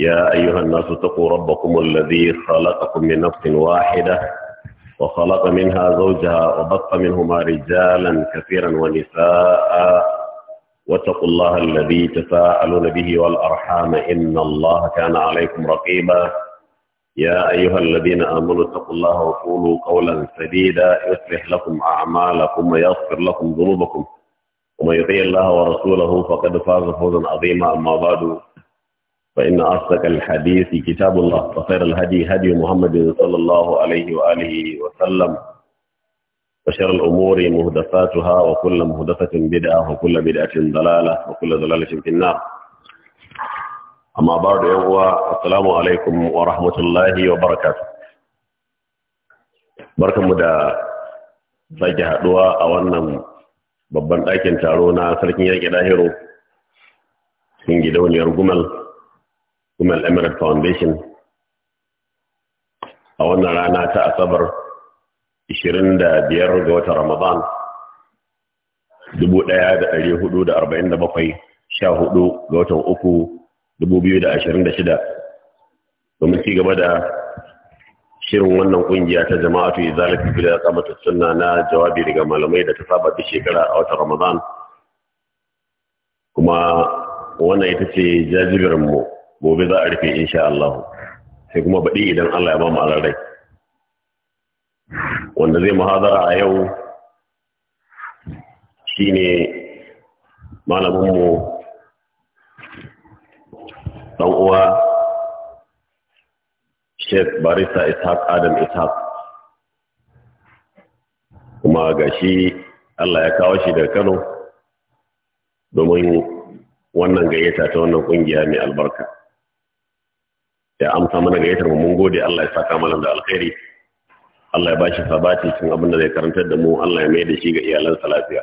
يا أيها الناس اتقوا ربكم الذي خلقكم من نفس واحدة وخلق منها زوجها وبط منهما رجالا كثيرا ونساء واتقوا الله الذي تساءلون به والأرحام إن الله كان عليكم رقيبا يا أيها الذين آمنوا اتقوا الله وقولوا قولا سديدا يصلح لكم أعمالكم ويغفر لكم ذنوبكم ومن يطيع الله ورسوله فقد فاز فوزا عظيما أما بعد فإن أصدق الحديث كتاب الله وخير الهدي هدي محمد صلى الله عليه وآله وسلم وشر الأمور مهدفاتها وكل مهدفة بدعة وكل بدعة ضلالة وكل ضلالة في النار أما بعد هو السلام عليكم ورحمة الله وبركاته بركة مدى sake دواء a ببن أكين ɗakin taro na sarkin من جدون cikin kuma al'amirar foundation a wannan rana ta asabar 25 ga watan ramadan 1447 14 ga watan uku 2026 domin ci gaba da shirin wannan kungiya ta jama'atu izalatu bila kamata suna na jawabi daga malamai da ta saba da shekara a watan ramadan kuma wannan ita ce jajibirinmu mu gobe za a rufe insha Allah sai kuma baɗi idan Allah ya ba mu alarai wanda zai muhadara a yau shine malaminmu ɗan uwa Sheikh Barista Ishaq Adam Ishaq kuma ga shi Allah ya kawo shi daga Kano domin wannan gayyata ta wannan kungiya mai albarka. ya amsa mana gayyatar mu mun gode Allah ya saka mana da alkhairi Allah ya ba shi sabati cikin abin da zai karantar da mu Allah ya mai da shi ga iyalansa lafiya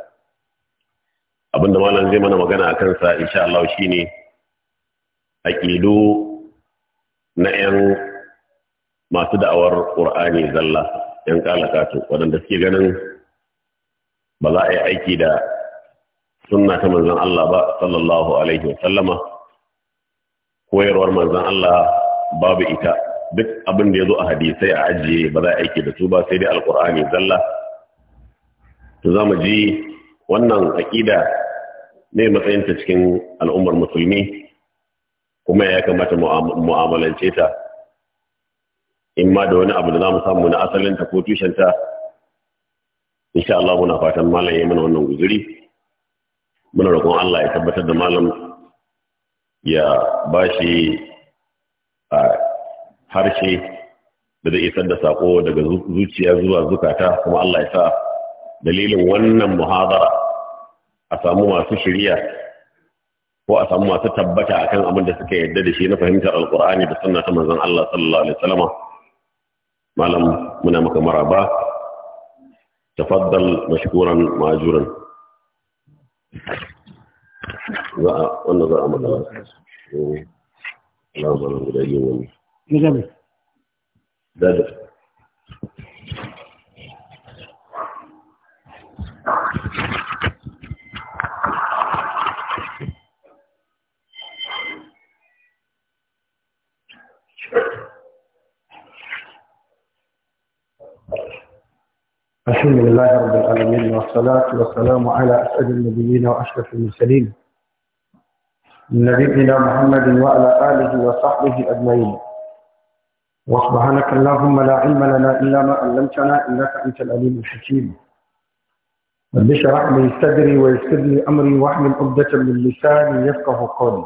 abin da malam zai mana magana a kansa insha Allah shine aqidu na yan masu da'awar Qur'ani zalla yan kalakatu waɗanda suke ganin ba za a yi aiki da sunna ta manzon Allah ba sallallahu alaihi wa sallama koyarwar manzon Allah babu ita duk abin da ya zo a hadisai a ajiye ba za a aiki da su ba sai dai alkur'ani zalla to za mu ji wannan aƙida ne matsayinta cikin al'ummar musulmi kuma ya kamata mu'amalance ta in ma da wani abu da za mu samu na asalinta ko tushenta insha Allah muna fatan malam ya mana wannan guzuri muna roƙon Allah ya tabbatar da malam ya bashi harshe da zai isar da sako daga zuciya zuwa zukata kuma Allah ya sa dalilin wannan muhadara a samu masu shirya ko a samu masu tabbata akan abin da suka yarda da shi na fahimtar alkur'ani da sunna ta manzon Allah sallallahu alaihi wasallam malam muna maka maraba tafaddal mashkuran majuran za a wannan za a magana Allah guda yi wani لجبل جبل الحمد لله رب العالمين والصلاة والسلام على أسعد النبيين وأشرف المرسلين نبينا محمد وعلى آله وصحبه أجمعين وسبحانك اللهم لا علم لنا إلا ما علمتنا إنك أنت العليم الحكيم رب اشرح لي صدري ويسر لي أمري واحمل عقدة من لساني يفقه قولي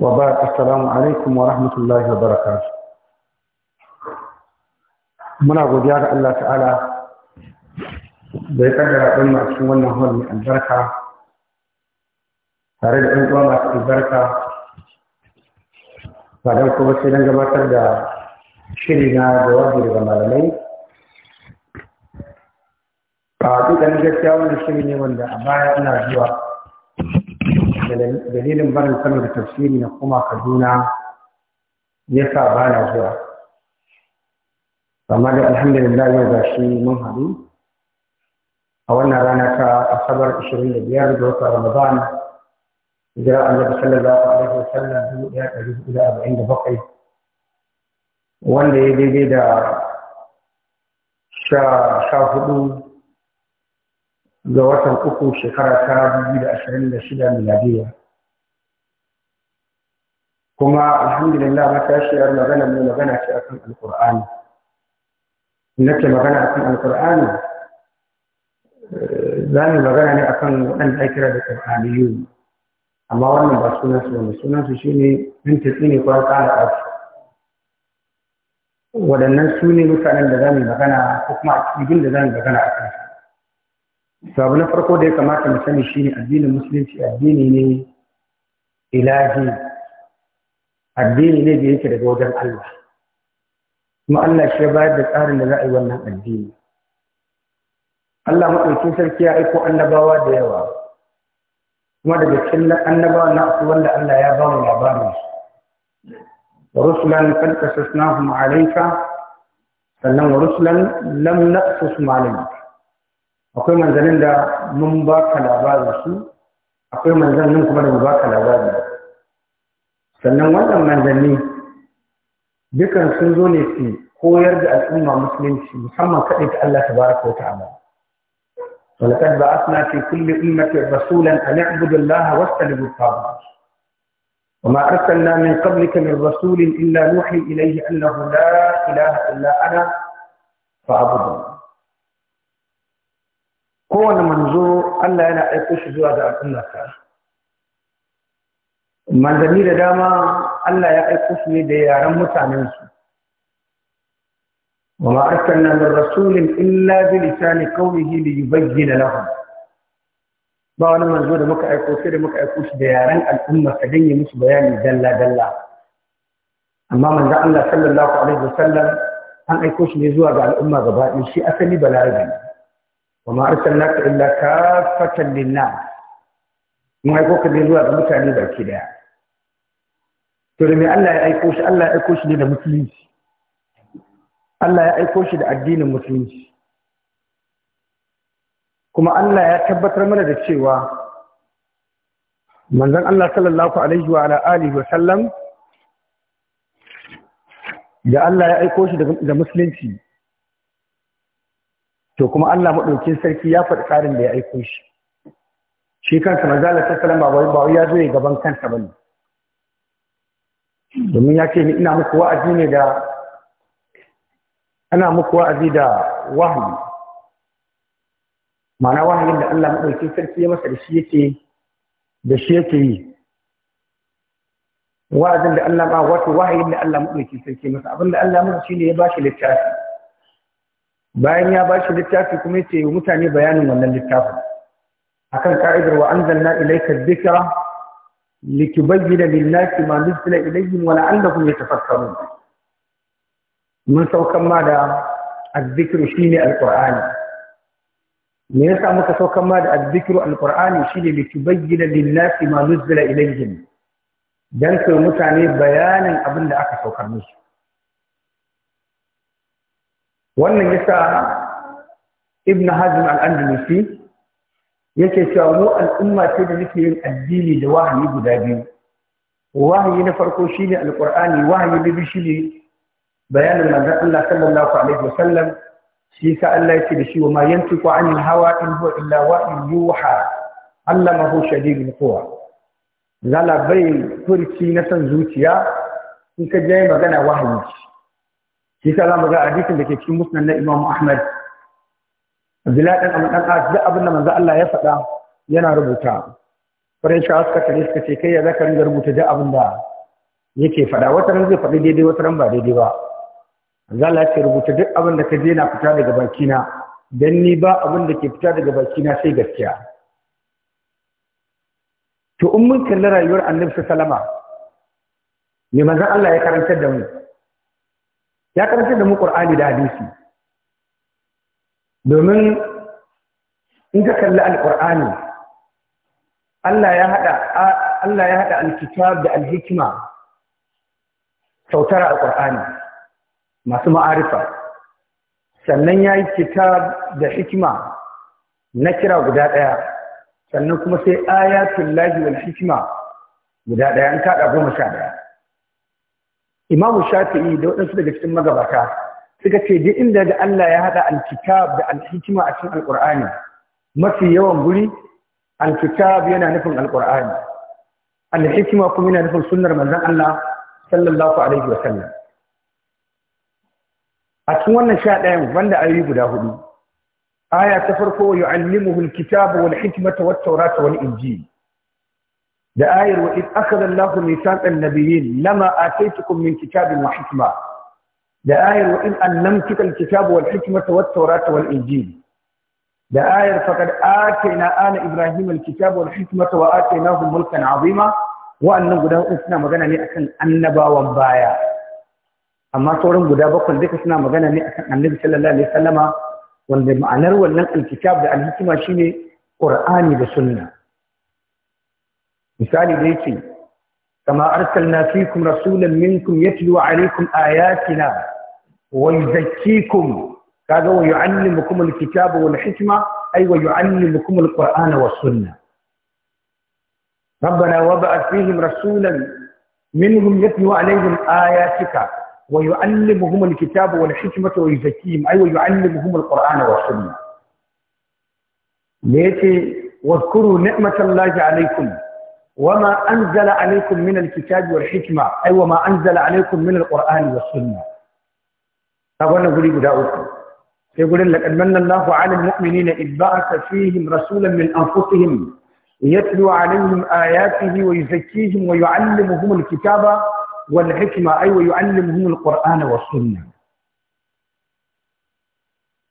وبعد السلام عليكم ورحمة الله وبركاته muna godiya ga Allah ta'ala da ya kaddara ɗan a cikin wannan hall mai albarka tare da ɗan uwa masu albarka ba kuma sai don gabatar da shiri na jawabi daga malamai a dukkanin gaskiya wannan shiri ne wanda a baya ina zuwa dalilin barin sama da tafsiri na kuma kaduna ya sa ba na zuwa amma da alhamdulillah yau ga shi mun haɗu a wannan rana ta asabar 25 ga watan ramadan جاء النبي صلى الله عليه وسلم الى الى عند بقعه وندي دي دي دا شا شا فدو لو وصل اكو شكرا كان دي دا شين دا شدا ميلاديه كما الحمد لله ما كاش يار ما غنى من ما غنى شي اكن القران انك ما غنى اكن القران زاني آه، ما غنى اكن ان اكرا القرانيون amma wannan ba sunan su ne sunan su shine min ne ko kana aiki waɗannan su ne mutanen da za mu magana ko kuma akidin da za mu magana a kansu Sabu abu na farko da ya kamata mu sani shine addinin musulunci addini ne ilahi addini ne da yake daga wajen Allah kuma Allah shi ya bayar da tsarin da za a yi wannan addini Allah maɗaukin sarki ya aiko annabawa da yawa kuma daga cikin annabawa na su wanda Allah ya ba mu labarin su rusulan kad qasasnahum alayka sannan wa rusulan lam naqsusum alayka akwai manzanin da mun ba ka labarin su akwai manzannin kuma da mun ba ka labarin sannan wannan manzanni dukan sun zo ne su koyar da al'umma musulunci musamman kaɗai ta Allah tabaraka wa ta'ala ولقد بعثنا في كل أمة رسولا أن اعبدوا الله واجتنبوا الطاغوت وما أرسلنا من قبلك من رسول إلا نوحي إليه أنه لا إله إلا أنا فاعبدوا كون منظور ألا أنا aiko shi أن من al'ummarsa. Manzanni ألا dama Allah ya aiko وما أرسلنا من رسول إلا بلسان قومه ليبين لهم ba wani manzo da muka aiko sai da muka aiko shi da yaren al'umma ka danye musu bayani dalla dalla amma manzo Allah sallallahu alaihi wasallam an aiko shi ne zuwa ga al'umma gaba ɗaya shi asali balarabi wa ma arsalnaka illa kafatan linnas mun aiko ka ne zuwa ga mutane baki daya to da me Allah ya aiko shi Allah ya aiko shi ne da musulunci Allah ya aiko shi da addinin musulunci kuma Allah ya tabbatar mana da cewa manzon Allah sallallahu alaihi wa ala alihi wa sallam da Allah ya aiko shi da musulunci to kuma Allah madaukin sarki ya faɗi tsarin da ya aiko shi shi kansa manzon Allah sallallahu alaihi wa ya zo ya gaban kansa bane domin ya ce ni ina muku wa'azi ne da ana muku wa'azi da wahayi ma'ana wahayin da Allah maɗauki sarki ya masa da shi yake da shi yake yi wa'azin da Allah ba wato wahayin da Allah maɗauki sarki masa abin da Allah masa ne ya ba shi littafi bayan ya ba shi littafi kuma yace wa mutane bayanin wannan littafin akan ka'idar wa anzalna ilayka dhikra litubayyana lin-nasi ma nuzila ilayhim wa la'allahum yatafakkarun mun saukan ma da azzikiru ne Alƙur'ani. me yasa muka saukan ma da azzikiru alqur'ani shine li tubayyana lin-nasi ma nuzila ilayhim dan kai mutane bayanin abin da aka saukar musu wannan yasa ibn hazm al-andalusi yake cewa mu al'umma ce da muke yin addini da wahayi guda biyu wahayi na farko shine alqur'ani wahayi na biyu shine bayanin manzon Allah sallallahu alaihi wasallam shi sa Allah yake da shi wa ma an anil hawa in huwa illa wahyun yuha allamahu shadidul quwa zala bai furci na san zuciya in ka je magana wahayi shi sa zamu ga hadisin da ke cikin musnad na Imam Ahmad Abdullahi dan Amr dan As da abin da manzo Allah ya faɗa yana rubuta farin shi suka tare suka ce kai ya zaka ringa rubuta da abin da yake faɗa wata ran zai faɗi daidai wata ran ba daidai ba zala ce rubuta duk abin da ka je na fita daga bakina dan ni ba abin da ke fita daga bakina sai gaskiya to in mun kalli rayuwar annabi sallama me manzon Allah ya karantar da mu ya karantar da mu Qur'ani da hadisi domin in ka kalli alqur'ani Allah ya hada Allah ya hada alkitab da alhikma sautara alqur'ani masu ma'arifa sannan ya yi kitab da hikima na kira guda ɗaya sannan kuma sai ayatul lahi wal hikima guda ɗaya an kaɗa goma sha ɗaya imamu shafi'i da waɗansu daga cikin magabata suka ce duk inda da Allah ya haɗa alkitab da alhikima a cikin alƙur'ani mafi yawan guri alkitab yana nufin alƙur'ani alhikima kuma yana nufin sunnar manzon Allah sallallahu alaihi wa sallam a cikin wannan sha ɗayan banda ayoyi guda hudu aya ta farko yu'allimuhu alkitaba wal hikmata wat tawrata wal injil da ayar wa id akhadha Allahu mithaqan nabiyyin lama ataytukum min kitabin wa hikma da ayar wa in allamtuka alkitaba wal hikmata wat tawrata wal injil da ayar faqad atayna ala ibrahima alkitaba wal hikmata wa atainahu mulkan azima wa annan guda uku suna magana ne akan annabawan baya amma sauran guda bakwai duka suna magana ne akan annabi sallallahu alaihi wasallama wanda ma'anar wannan alkitab da alhikima shine qur'ani da sunna misali da yake kama arsalna fikum rasulan minkum yatlu alaikum ayatina wa yuzakkikum kaga wa yu'allimukum alkitaba wal hikma ay wa yu'allimukum alqur'ana was sunna ربنا وبعث فيهم رسولا منهم يتلو عليهم آياتك ويعلمهم الكتاب والحكمة ويزكيهم أي ويعلمهم القرآن والسنة ليتي واذكروا نعمة الله عليكم وما أنزل عليكم من الكتاب والحكمة أي وما أنزل عليكم من القرآن والسنة فأنا أقول لك يقول لك أن الله على المؤمنين إذ بعث فيهم رسولا من أنفسهم يتلو عليهم آياته ويزكيهم ويعلمهم الكتاب والحكمة أي أيوة، ويعلمهم القرآن والسنة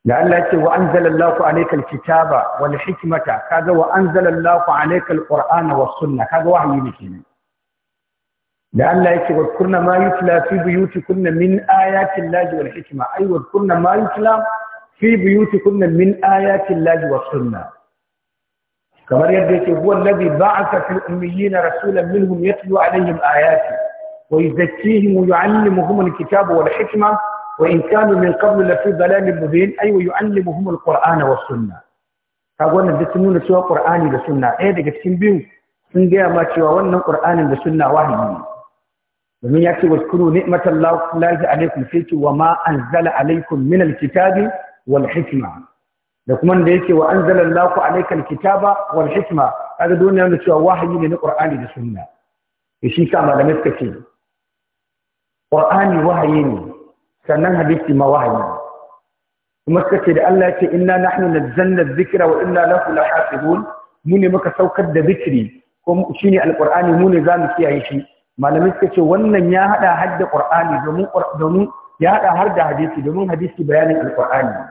لأن الله وأنزل الله عليك الكتاب والحكمة كذا وأنزل الله عليك القرآن والسنة كذا وحي لكنا لأن الله يذكرن ما يتلى في بيوتكن من آيات الله والحكمة أي واذكرن ما يتلى في بيوتكن من آيات الله والسنة كما يدرك هو الذي بعث في الأميين رسولا منهم يتلو عليهم آياته ويزكيهم ويعلمهم الكتاب والحكمة وإن كانوا من قبل لفي ضلال مبين أي ويعلمهم القرآن والسنة فأقولنا بسمونا سوى القرآن والسنة أي ذلك السنبيو سنجي ما سوى ونا القرآن والسنة واحد ومن يأتي واذكروا نئمة الله عليكم فيك وما أنزل عليكم من الكتاب والحكمة لكمان ذلك وأنزل الله عليك الكتاب والحكمة هذا دون أن سوى واحد من القرآن والسنة يشيك على مسكتين ƙur'ani wahayi ne sannan hadisi ma wahayi kuma suka ce da Allah ce inna nahnu nazzalna zikira wa inna lahu lahafizun mu ne muka saukar da zikiri ko ne alqur'ani mu ne zamu kiyaye shi malamai suka ce wannan ya hada har da domin ya hada har da hadisi domin hadisi bayanin alqur'ani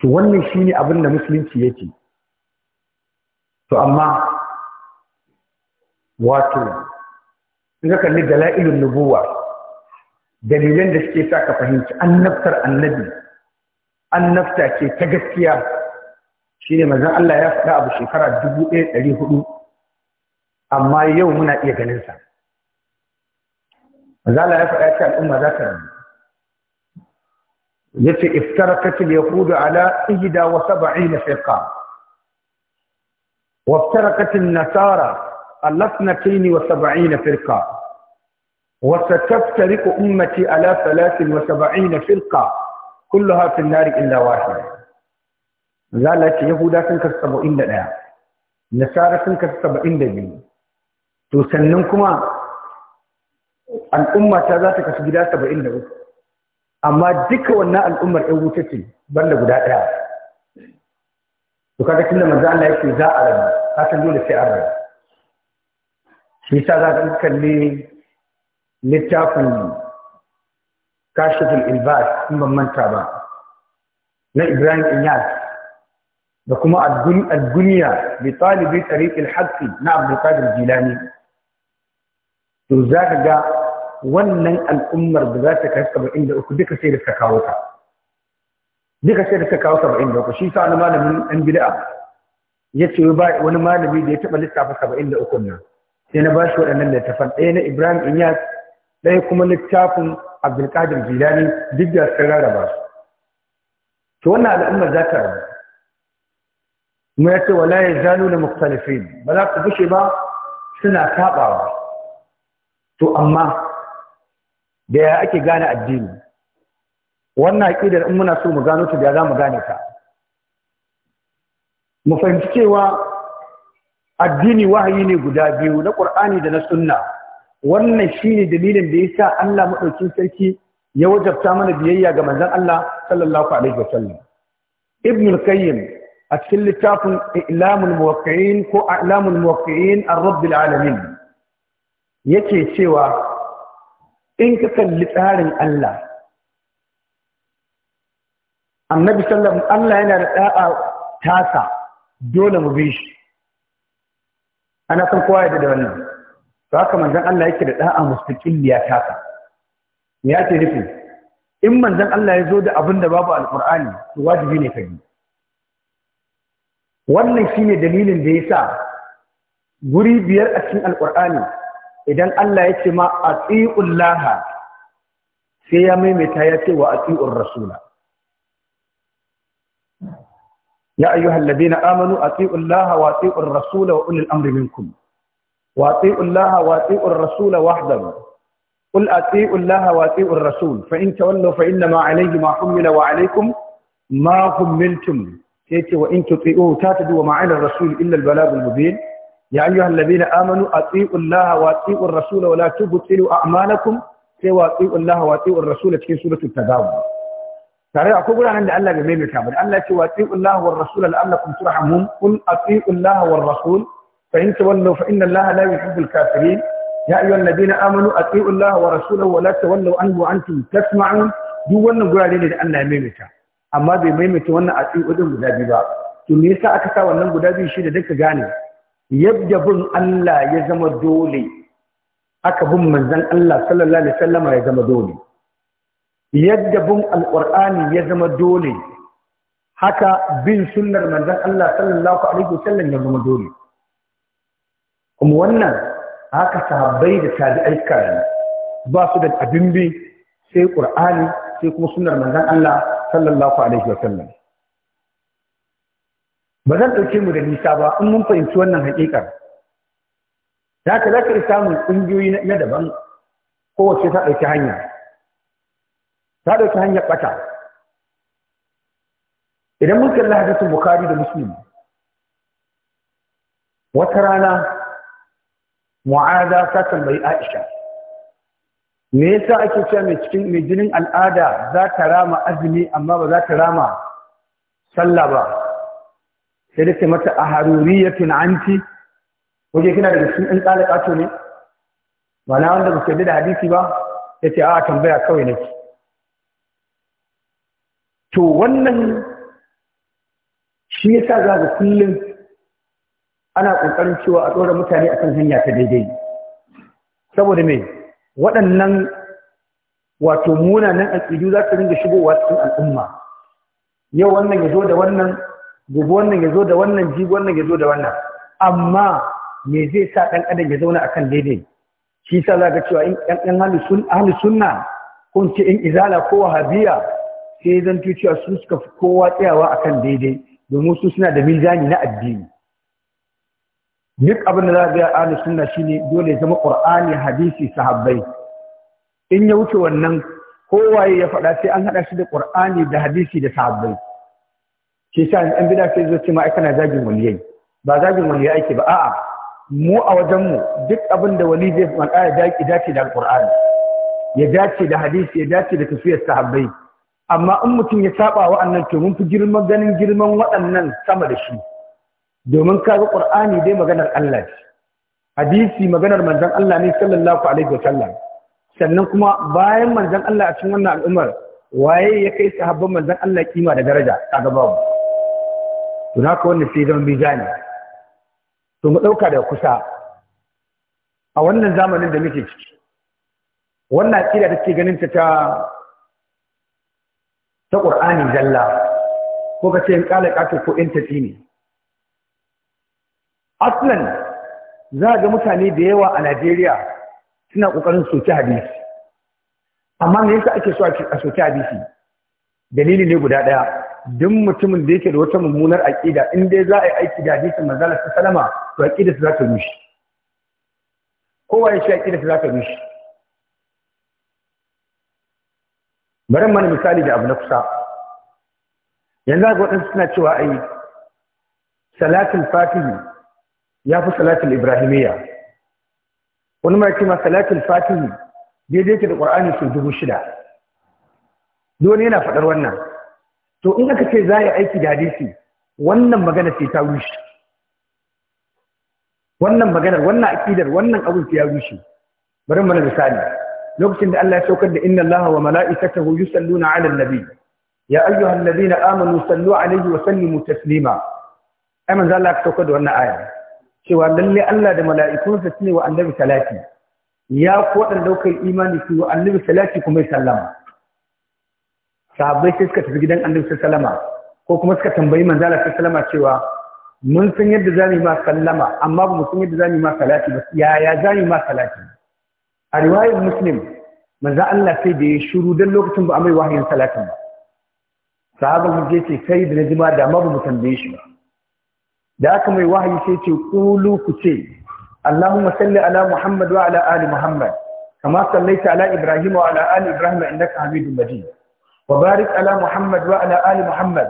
to wannan shine abin da musulunci yake to amma wato in ka kalli dala'ilun nubuwa dalilan da suke sa ka fahimci annabtar annabi annabta ce ta gaskiya shine manzon Allah ya faɗa abu shekara 1400 amma yau muna iya ganin sa manzon Allah ya faɗa ce al'umma za ta rabu yace iftarakat al-yahud ala 71 firqa وافترقت النصارى alafnatini wa saba'ina firqa wa sataftariku ummati ala thalathin wa saba'ina firqa kulluha fi an-nari illa wahida zala ce yahuda sun kasu saba'in da daya nasara sun kasu saba'in da biyu to kuma al'umma ta kasu gida saba'in da uku amma duka wannan al'ummar ɗan wuta ce banda guda ɗaya da kaga tunda manzo Allah yake za a rabu haka dole sai an rabu shi sa za ka kalli littafin kashifin ilbas in ban manta ba na ibrahim inyas da kuma al-duniya bi talibi tariqil haqqi na abdul qadir jilani to za ka ga wannan al'ummar da za ta kai saba'in da uku duka sai da suka kawo ta duka sai da suka kawo saba'in da uku shi sa wani malamin ɗan bid'a ya ce ba wani malami da ya taɓa lissafa saba'in da uku nan sai na ba shi waɗannan littafan ɗaya na ibrahim inyas ɗaya kuma littafin abdulkadir jilani duk da sun rarraba su to wannan al'ummar za ta rabu kuma ya ce wala ya zanu na muktalifin ba za ku bushe ba suna taɓawa to amma da ya ake gane addini wannan aƙidar in muna so mu gano ta da za mu gane ta mu fahimci cewa addini wahayi ne guda biyu na ƙur'ani da na sunna wannan shine dalilin da yasa Allah madaukin sarki ya wajabta mana biyayya ga manzon Allah sallallahu alaihi wasallam ibn al-qayyim a cikin littafin ilamul muwaqqi'in ko a'lamul muwaqqi'in ar-rabbil alamin yake cewa in ka kalli tsarin Allah annabi sallallahu Allah yana da ɗa'a tasa dole mu bi shi ana san kowa ya da wannan to haka manzon Allah yake da da'a mustaqilliya taka ya ce nufi in manzon Allah ya zo da abin da babu alqur'ani to wajibi ne ka wannan shine dalilin da yasa guri biyar a cikin alqur'ani idan Allah ya ce ma atiullaha sai ya maimaita ya ce wa atiur rasula يا أيها الذين آمنوا أطيعوا الله وأطيعوا الرسول وأولي الأمر منكم وأطيعوا الله وأطيعوا الرسول وحده قل أطيعوا الله وأطيعوا الرسول فإن تولوا فإنما عليه ما حمل وعليكم ما حملتم يأتي وإن تطيعوه تاتدوا وما على الرسول إلا البلاغ المبين يا أيها الذين آمنوا أطيعوا الله وأطيعوا الرسول ولا تبطلوا أعمالكم سوى أطيعوا الله وأطيعوا الرسول في سورة التداوم tare akwai guranan da Allah bai maimaita ba da Allah ce wa ati'u Allah war rasul la'allakum turhamun qul ati'u Allah war rasul fa in tawallu fa inna Allah la yuhibbul kafirin ya ayyuhal ladina amanu ati'u Allah wa rasulahu wa la tawallu anhu wa antum tasma'un duk wannan gurare ne da Allah ya maimaita amma bai maimaita wannan ati'u din guda biyu ba to me yasa aka sa wannan guda biyu shi da duka gane yadda bin Allah ya zama dole aka bin manzon Allah sallallahu alaihi wasallama ya zama dole yadda bin alƙur'ani ya zama dole haka bin sunnar manzon Allah sallallahu alaihi wasallam ya zama dole kuma wannan haka sahabbai da tabi'ai suka yi ba su da abin bi sai ƙur'ani sai kuma sunar manzon Allah sallallahu alaihi wasallam ba zan ɗauke mu da nisa ba in mun fahimci wannan haƙiƙar da haka za ka samun ƙungiyoyi na daban kowace ta ɗauki hanya ta ɗauki hanyar ɓata idan mun kalli hadisin bukari da muslim wata rana mu'ada ta tambayi aisha me yasa ake cewa mai cikin mai jinin al'ada za ta rama azumi amma ba za ta rama sallah ba sai da mata a haruriyatun anti waje kina da cikin ɗan ƙato ne ba na wanda ba da hadisi ba ya ce a tambaya kawai nake to wannan shi yasa za ga kullum ana ƙoƙarin cewa a tsoron mutane akan hanya ta daidai saboda me waɗannan wato munanan aƙidu za su ringa shigowa cikin al'umma yau wannan ya zo da wannan gobe wannan ya zo da wannan jibi wannan ya zo da wannan amma me zai sa ɗan adam ya zauna akan daidai shi sa za ga cewa in ɗan ɗan sunna ko ce in izala ko wahabiya sai zan cewa su suka fi kowa tsayawa a kan daidai domin su suna da miljani na addini duk abin da za a ala suna shi ne dole zama qur'ani hadisi sahabbai in ya wuce wannan kowaye ya faɗa sai an haɗa shi da qur'ani da hadisi da sahabbai Ke sa an bida sai zo cewa ma zagin waliyai ba zagin waliyai ake ba a'a mu a wajen mu duk abin da wali zai faɗa ya dace da alqur'ani ya dace da hadisi ya dace da tafiyar sahabbai amma in mutum ya saba wa'annan to mun fi girman ganin girman waɗannan sama da shi domin kaga qur'ani dai maganar Allah ce hadisi maganar manzon Allah ne sallallahu alaihi wasallam sannan kuma bayan manzon Allah a cikin wannan al'ummar waye ya kai sahabban manzon Allah kima da daraja kaga babu to naka wannan sai zama bizani to mu dauka da kusa a wannan zamanin da muke ciki wannan akida take ganin ta ta ta ƙur'ani zalla ko ka ce ƙala ƙato ko in tafi ne aslan za a ga mutane da yawa a najeriya suna ƙoƙarin soci hadisi amma me yasa ake so a soci hadisi dalili ne guda ɗaya duk mutumin da yake da wata mummunar aƙida in dai za a yi aiki da hadisin manzala ta salama to aƙidarsa za ta rushe kowa ya shi aƙidarsa za ta rushe bari mana misali da abu na kusa yanzu ga waɗansu suna cewa ai salatul fatihi ya fi salatul ibrahimiyya wani mai ce ma salatul fatihi daidai ke da ƙwar'ani sau dubu shida dole yana faɗar wannan to in aka ce za a yi aiki da hadisi wannan magana sai ta rushe wannan maganar wannan aƙidar wannan abin ya rushe bari mana misali lokacin da Allah ya saukar da inna Allah wa mala'ikatahu yusalluna 'alan nabi ya ayyuhal ladina amanu sallu 'alaihi wa sallimu taslima ai manzo Allah ya saukar da wannan aya cewa lalle Allah da mala'ikunsa sune wa annabi salati ya kodan daukar imani su wa annabi salati kuma sallama sahabbai sai suka tafi gidan annabi sallama ko kuma suka tambayi manzo Allah sallama cewa mun san yadda zamu yi ma sallama amma ba mu san yadda zamu yi ma salati ba yaya zamu yi ma salati a riwayar muslim manzo Allah sai da ya shiru dan lokacin ba amai mai wahayin salatin ba sahaban mu ce kai da najima da ma ba mu tambaye shi da aka mai wahayi sai ce qulu ku ce Allahumma salli ala Muhammad wa ala ali Muhammad kama sallaita ala Ibrahim wa ala ali Ibrahim innaka Hamidum Majid wa barik ala Muhammad wa ala ali Muhammad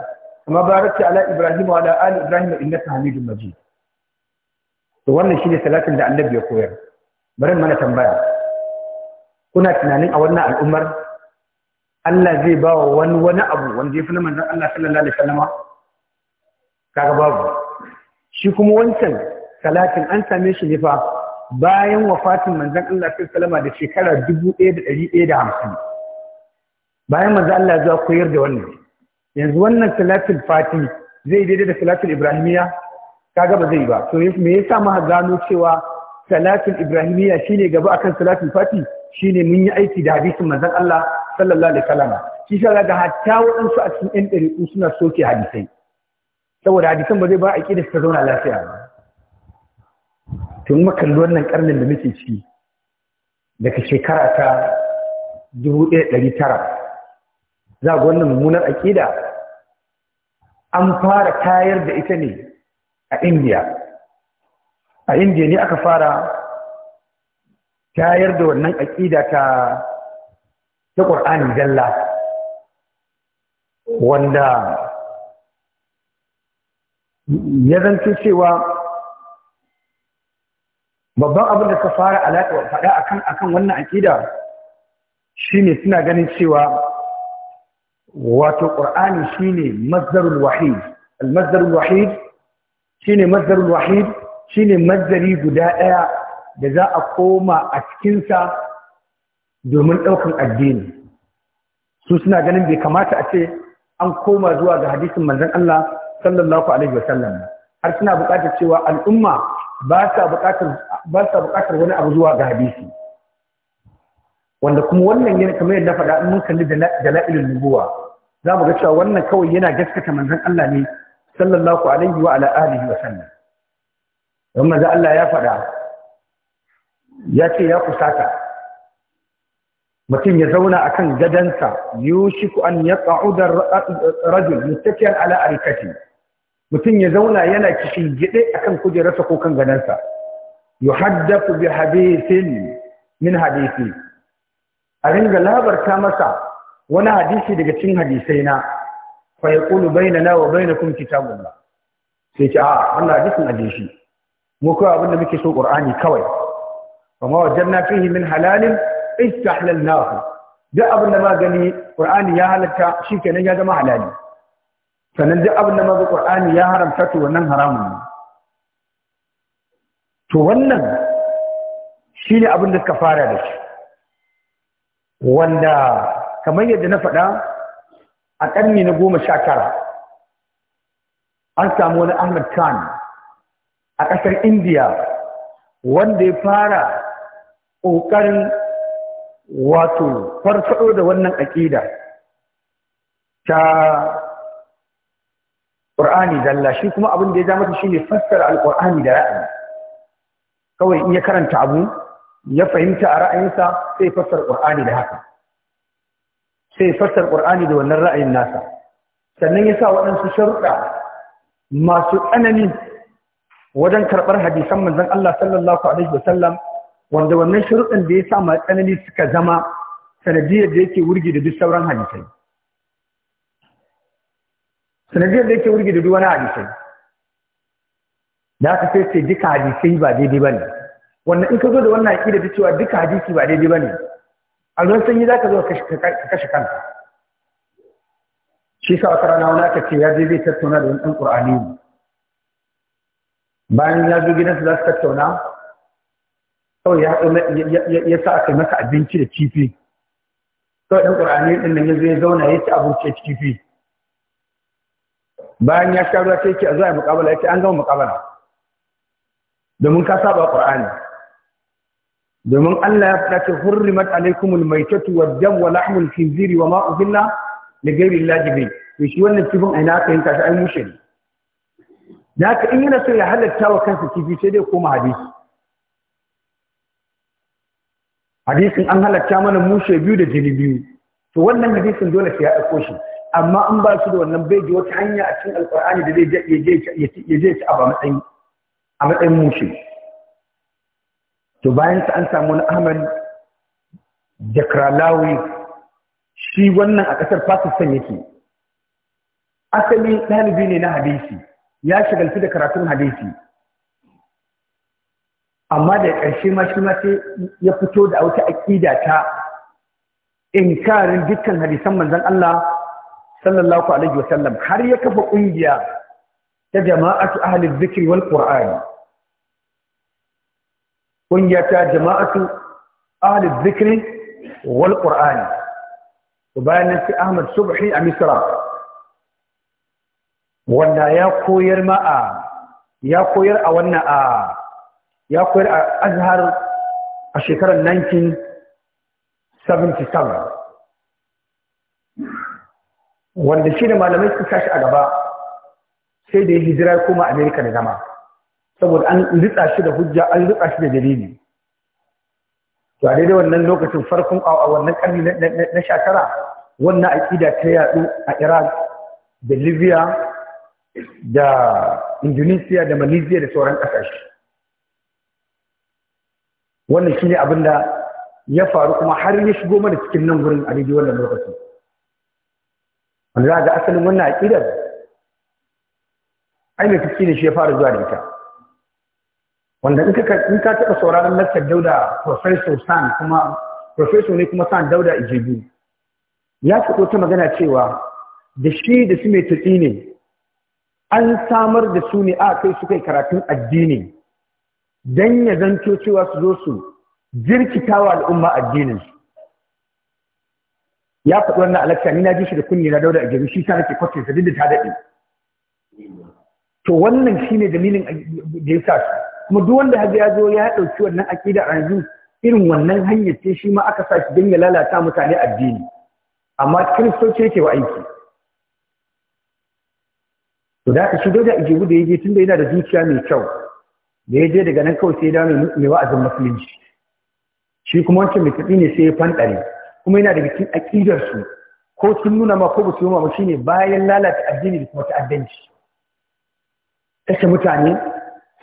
kama barakta ala Ibrahim wa ala ali Ibrahim innaka Hamidum Majid to wannan shine salatin da Annabi ya koyar bari mana tambaya kuna tunanin a wannan al'ummar Allah zai ba wa wani wani abu wanda ya fi na manzan Allah sallallahu alaihi sallama. kaga babu shi kuma wancan salatin an same shi ne fa bayan wafatin manzan Allah sallallahu alaihi da da 1150 bayan manzan Allah zuwa koyar da wannan yanzu wannan salatin fati zai daidai da salatin ibrahimiya kaga ba zai ba to me yasa muka gano cewa salatin ibrahimiya shine gaba akan salatin fati Shi ne mun yi aiki da hadisin mazan Allah sallallahu alaihi wasallam shi sai ga hatta waɗansu a cikin ɗan ɗariƙu suna soke hadisai saboda hadisan ba zai ba a ƙida ta zauna lafiya ba tun makalli wannan ƙarnin da muke ciki daga shekara ta dubu ɗaya ɗari tara, za ga wannan mummunar aƙida an fara tayar da ita ne a indiya a indiya ne aka fara tayar da wannan aƙida ta ta ƙur'ani dalla wanda ya zanto cewa babban abin da ka fara alaƙa faɗa akan akan wannan aƙida shine suna ganin cewa wato ƙur'ani shine mazdarul wahid al-mazdarul wahid shine mazdarul wahid shine mazari guda ɗaya da za a koma a cikinsa domin ɗaukar addini su suna ganin bai kamata a ce an koma zuwa ga hadisin manzon Allah sallallahu alaihi wasallam har suna buƙatar cewa al'umma ba sa buƙatar wani abu zuwa ga hadisi wanda kuma wannan yana kamar yadda faɗa in mun kalli da la'ilin nubuwa za mu ga cewa wannan kawai yana gaskata manzon Allah ne sallallahu alaihi wa ala alihi wa sallam don Allah ya faɗa ya ce ya kusata mutum ya zauna a kan gadansa yushiku an ya ƙa'udar rajul mutakiyar ala arikati mutum ya zauna yana kishin gide a kan kujerarsa ko kan gadansa yuhaddafu bi hadisin min hadisi a ringa labarta masa wani hadisi daga cikin hadisai na fa yaqulu na wa bainakum kitabullah sai ce a wannan hadisin aje shi mu kawai abinda muke so ƙur'ani kawai kuma wajen na fihi min halalin istahlalnahu duk abin da ma gani qur'ani ya halatta shikenan ya zama halali sannan duk abin da ma ga qur'ani ya haramta to wannan haramun ne to wannan shine abin da suka fara da shi wanda kamar yadda na faɗa a ƙarni na goma sha tara an samu wani Ahmad Khan a ƙasar Indiya wanda ya fara ƙoƙarin wato farfaɗo da wannan aƙida ta ƙur'ani da Allah shi kuma abin da ya ja shi ne fassara alƙur'ani da ra'ayi kawai in ya karanta abu ya fahimta a ra'ayinsa sai fassar ƙur'ani da haka sai fassar ƙur'ani da wannan ra'ayin nasa sannan ya sa waɗansu sharuɗa masu tsanani wajen karɓar hadisan manzon Allah sallallahu alaihi wasallam wanda wannan shirin da ya sa ma tsanani suka zama sanadiyar da yake wurgi da duk sauran hadisai sanadiyar da yake wurgi da duk wani hadisai da aka sai sai duka hadisai ba daidai ba ne wannan in ka zo da wannan aƙida da cewa duka hadisi ba daidai ba ne a ruwan sanyi za ka zo ka kashe kanka shi sa wata rana wani aka ce ya je zai tattauna da wani ɗan ƙur'ani bayan ya zo gidansa za su tattauna kawai ya sa aka masa abinci da kifi kawai ɗan ƙur'ani ɗin nan ya zo ya zauna ya ci abinci da kifi bayan ya sha ruwa sai ce a zuwa muƙabala ya ce an gama muƙabala domin ka saba ƙur'ani domin Allah ya faɗa ce hurrimat alaikumul maitatu wad dam wa lahmul khinziri wa ma uhilla li ghairi llahi bi to shi wannan kifin a ina yanka shi ai mushe ne da haka in yana so ya halatta wa kansa kifi sai dai koma hadisi hadisin an halatta mana mushe biyu da jini biyu to wannan hadisin dole sai ya dauko shi amma an ba shi da wannan bai ji wata hanya a cikin alkur'ani da zai je je ci abu a matsayin mushe to bayan ta an samu na ahmad da shi wannan a ƙasar pakistan yake asali ɗalibi ne na hadisi ya shagalci da karatun hadisi amma da ƙarshe ma shi ma ya fito da wata aƙida ta inkarin dukkan hadisan manzan Allah sallallahu alaihi wasallam har ya kafa ƙungiya ta jama'atu ahli zikri wal qur'an ƙungiya ta jama'atu ahli zikri wal qur'an bayan nan sai Ahmad Subhi a Misra wanda ya koyar ma a ya koyar a wannan a ya koyar a azhar a shekarar 1977 wanda shi da malamai su sashi a gaba sai da ya hijira koma amerika da zama saboda an ritsa shi da hujja an ritsa shi da dalili to a daidai wannan lokacin farkon a wannan karni na sha tara wannan aƙida ta yaɗu a iraq da libya da indonesia da malaysia da sauran ƙasashe wannan shi ne abin da ya faru kuma har ya shigo mana cikin nan gurin a daidai wannan lokaci wanda za ga asalin wannan aƙidar ai mai fiski ne shi ya fara zuwa da ita wanda in ka taɓa sauraron lakcar dauda professor san kuma professor ne kuma san dauda ijebu ya fi ta magana cewa da shi da su mai tutsi ne an samar da su ne a kai su kai karatun addini dan ya zanto cewa su zo su jirkita wa al'umma addinin su ya faɗi wannan alaƙa ni na ji shi da kunni na dauda a gari shi ta nake kwatin sa duk da ta daɗe to wannan ne dalilin da ya sa su kuma duk wanda haji ya zo ya ɗauki wannan aƙida a yanzu irin wannan hanyar ce shi ma aka sa shi don ya lalata mutane addini amma kiristoci yake wa aiki to da aka dauda a ijibu da ya je da yana da zuciya mai kyau da ya je daga nan kawai sai dawo mai wa'azin musulunci shi kuma wancan mai ne sai ya fanɗare kuma yana daga cikin aƙidar su ko sun nuna ma ko ba su yi ma shine bayan lalata addini da kuma ta'addanci kashe mutane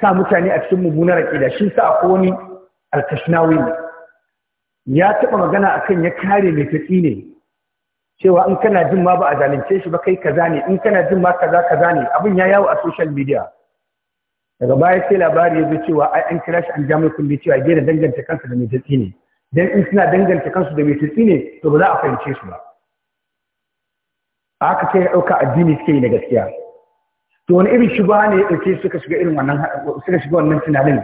sa mutane a cikin mummunar aƙida shi sa a wani ne ya taɓa magana a kan ya kare mai tafi ne cewa in kana jin ma ba a zalunce shi ba kai kaza ne in kana jin ma kaza kaza ne abin ya yawo a social media daga baya sai labari ya zo cewa ai an kira shi an ja mai kulle cewa gina danganta kansa da mai ne dan in suna danganta kansu da mai ne to ba za a fahimce su ba A haka sai ya ɗauka addini suke yi na gaskiya to wani irin ba ne ya ɗauke suka shiga irin wannan suka shiga wannan tunanin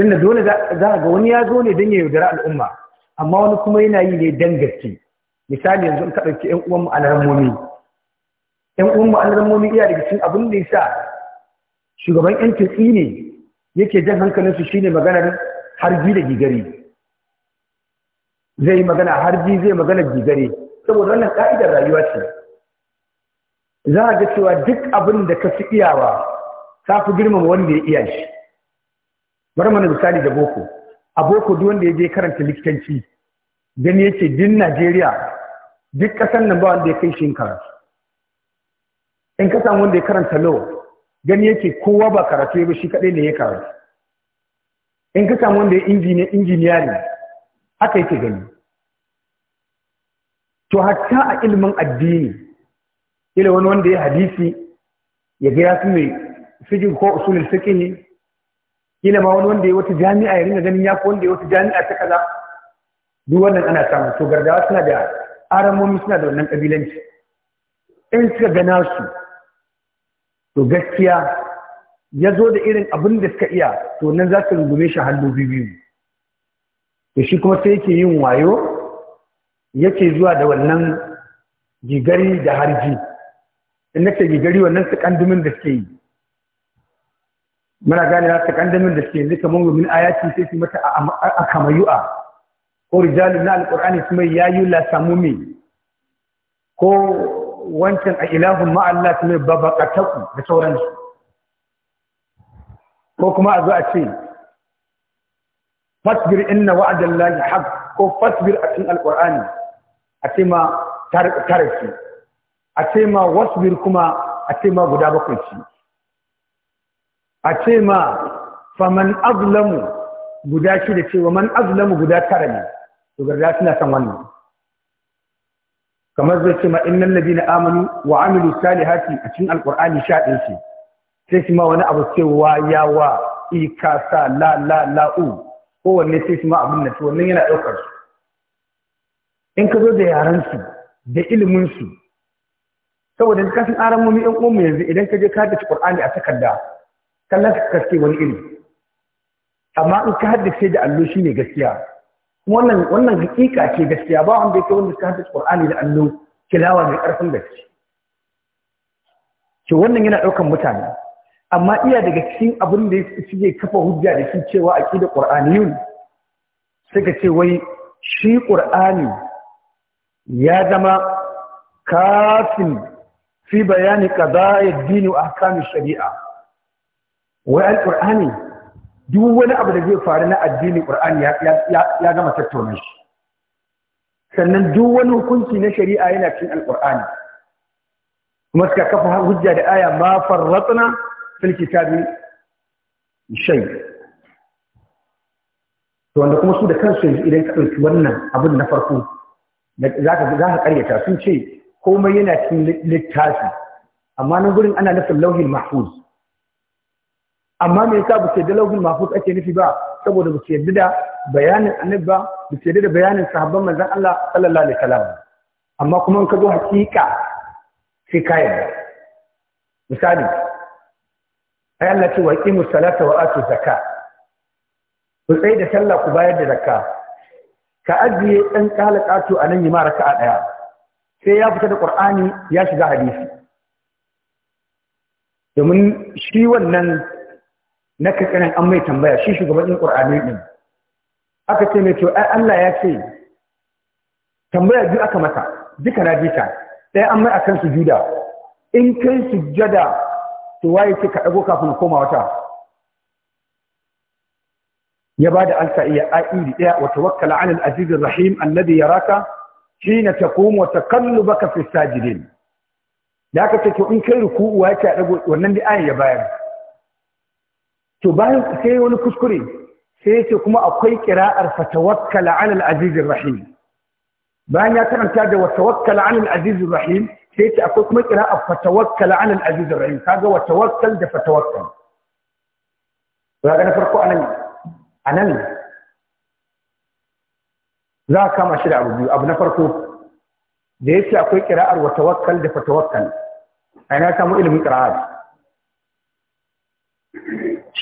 tunda dole za ga wani ya zo ne don ya yaudara al'umma amma wani kuma yana yi ne dan gaske misali yanzu in ka ɗauki ƴan uwanmu alarmomi ƴan uwanmu alarmomi iya daga cikin abin da ya sa shugaban yankin tutsi ne yake jan hankalinsu shine maganar harji da gigari zai magana harji zai magana gigari saboda wannan ka'idar rayuwa ce za a ga cewa duk abin da ka fi iyawa ka fi girmama wanda ya iya shi bari mana misali da boko a boko duk wanda ya je karanta likitanci gani yake din najeriya duk kasan nan ba wanda ya kai shi karatu in kasan wanda ya karanta law gani yake kowa ba karatu ba shi kaɗai ne ya karatu in ka samu wanda ya injiniya ne haka yake gani to hatta a ilimin addini ila wani wanda ya hadisi ya ga ya fi mai fijin ko suke ne ila ma wani wanda ya wata jami'a ya ringa ganin ya fi wanda ya wata jami'a ta kaza duk wannan ana samu to gargawa suna da aramomi suna da wannan kabilanci in suka gana su to gaskiya ya zo da irin abin da suka iya to nan za ka rungume shi hannu biyu da shi kuma sai yake yin wayo yake zuwa da wannan gigari da harji in nake gigari wannan su da suke yi muna gane ta kandamin da suke yi kamar min ayati sai su mata a kamayu'a ko rijalun na Alƙur'ani su mai yayu la samumi ko wancan a ilahun ma'alla su ne babakataku da sauransu ko kuma a zo a ce fasbir inna wa'adan lahi haq ko fasbir a cin alƙur'ani a ce ma tarihi a ce ma wasbir kuma a ce ma guda bakwai ci a ce ma faman azlamu guda shida ce wa man azlamu guda tara ne to garda suna san wannan kamar zai ce ma innal ladina amanu wa amilu salihati a cikin alqur'ani sha din shi sai shi ma wani abu cewa yawa ikasa la la la'u kowanne sai shi ma abin da wannan yana daukar su in ka zo da yaran su da ilimin su saboda ka san mu ɗan mu yanzu idan ka je ka haddace qur'ani a takarda kallon ka kaske wani ilimi amma in ka haddace da allo shine gaskiya wannan wannan hakika ce gaskiya ba wanda yake wanda suka haddace Qur'ani da allo kilawa mai karfin gaske to wannan yana daukan mutane amma iya daga cikin abin da yake kafa hujja da shi cewa aqida yun suka ce wai shi Qur'ani ya zama kafin fi bayani qadaya ad-din wa ahkam ash-shari'a wai al-Qur'ani duk wani abu da zai faru na addini ƙur'ani ya gama tattauna shi sannan duk wani hukunci na shari'a yana cikin alƙur'ani kuma suka kafa hujja da aya ma farratna fil kitabi shay to wanda kuma su da kansu yanzu idan ka ɗauki wannan abin na farko za ka ƙaryata sun ce komai yana cikin littafi amma nan gurin ana nufin lauhin mahfuz amma me yasa ba ke yadda lauhul mafus ake nufi ba saboda bu yadda da bayanin annabi ba ba ke yadda da bayanin sahabban manzon Allah sallallahu alaihi wasallam amma kuma in ka zo hakika sai ka yi misali ai Allah ce wa iqimu salata wa atu zakat ku tsaye da sallah ku bayar da zakka ka ajiye dan kalakatu anan yi ma a daya sai ya fita da qur'ani ya shiga hadisi domin shi wannan na kakanin an mai tambaya shi shugaban ɗin ƙur'ani ɗin aka ce mai to ai Allah ya ce tambaya biyu aka mata duka na jita ɗaya an mai a kan sujuda in kai sujada to waye ce ka ɗago kafin koma wata ya ba da alsa iya a'iri ɗaya wata wakala 'alal azizir rahim alladhi yaraka hina taqum wa taqallubaka fi sajidin da aka ce to in kai ruku'u waye ka ɗago wannan da ayan ya bayar to bayan sai wani kuskure sai ce kuma akwai qira'ar fatawakkala 'alal azizir rahim bayan ya karanta da wa tawakkala 'alal azizir rahim sai ce akwai kuma qira'ar fatawakkala 'alal azizir rahim kaga wa tawakkal da Ba ga na farko anan anan za ka kama shi da abu biyu abu na farko da yace akwai qira'ar wa tawakkal da fatawakkal ai na samu ilimin qira'ar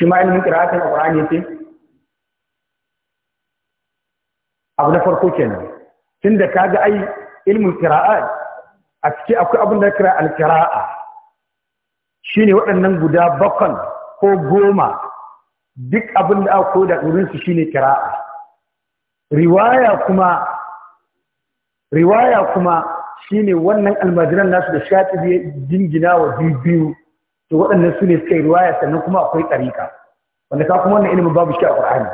shi ma ilimin qira'atul qur'ani yake abu na farko kenan tunda kaga ai ilmin qira'at a cike akwai abin da kira alƙira'a. qiraa shine waɗannan guda bakwai ko goma duk abin da aka koda wurin su shine ƙira'a. riwaya kuma riwaya kuma shine wannan almajiran nasu da shatibi jingina wa biyu to waɗannan su ne suka yi ruwaya sannan kuma akwai ɗariƙa. wanda ka kuma wannan ilimin babu shi a ƙur'ani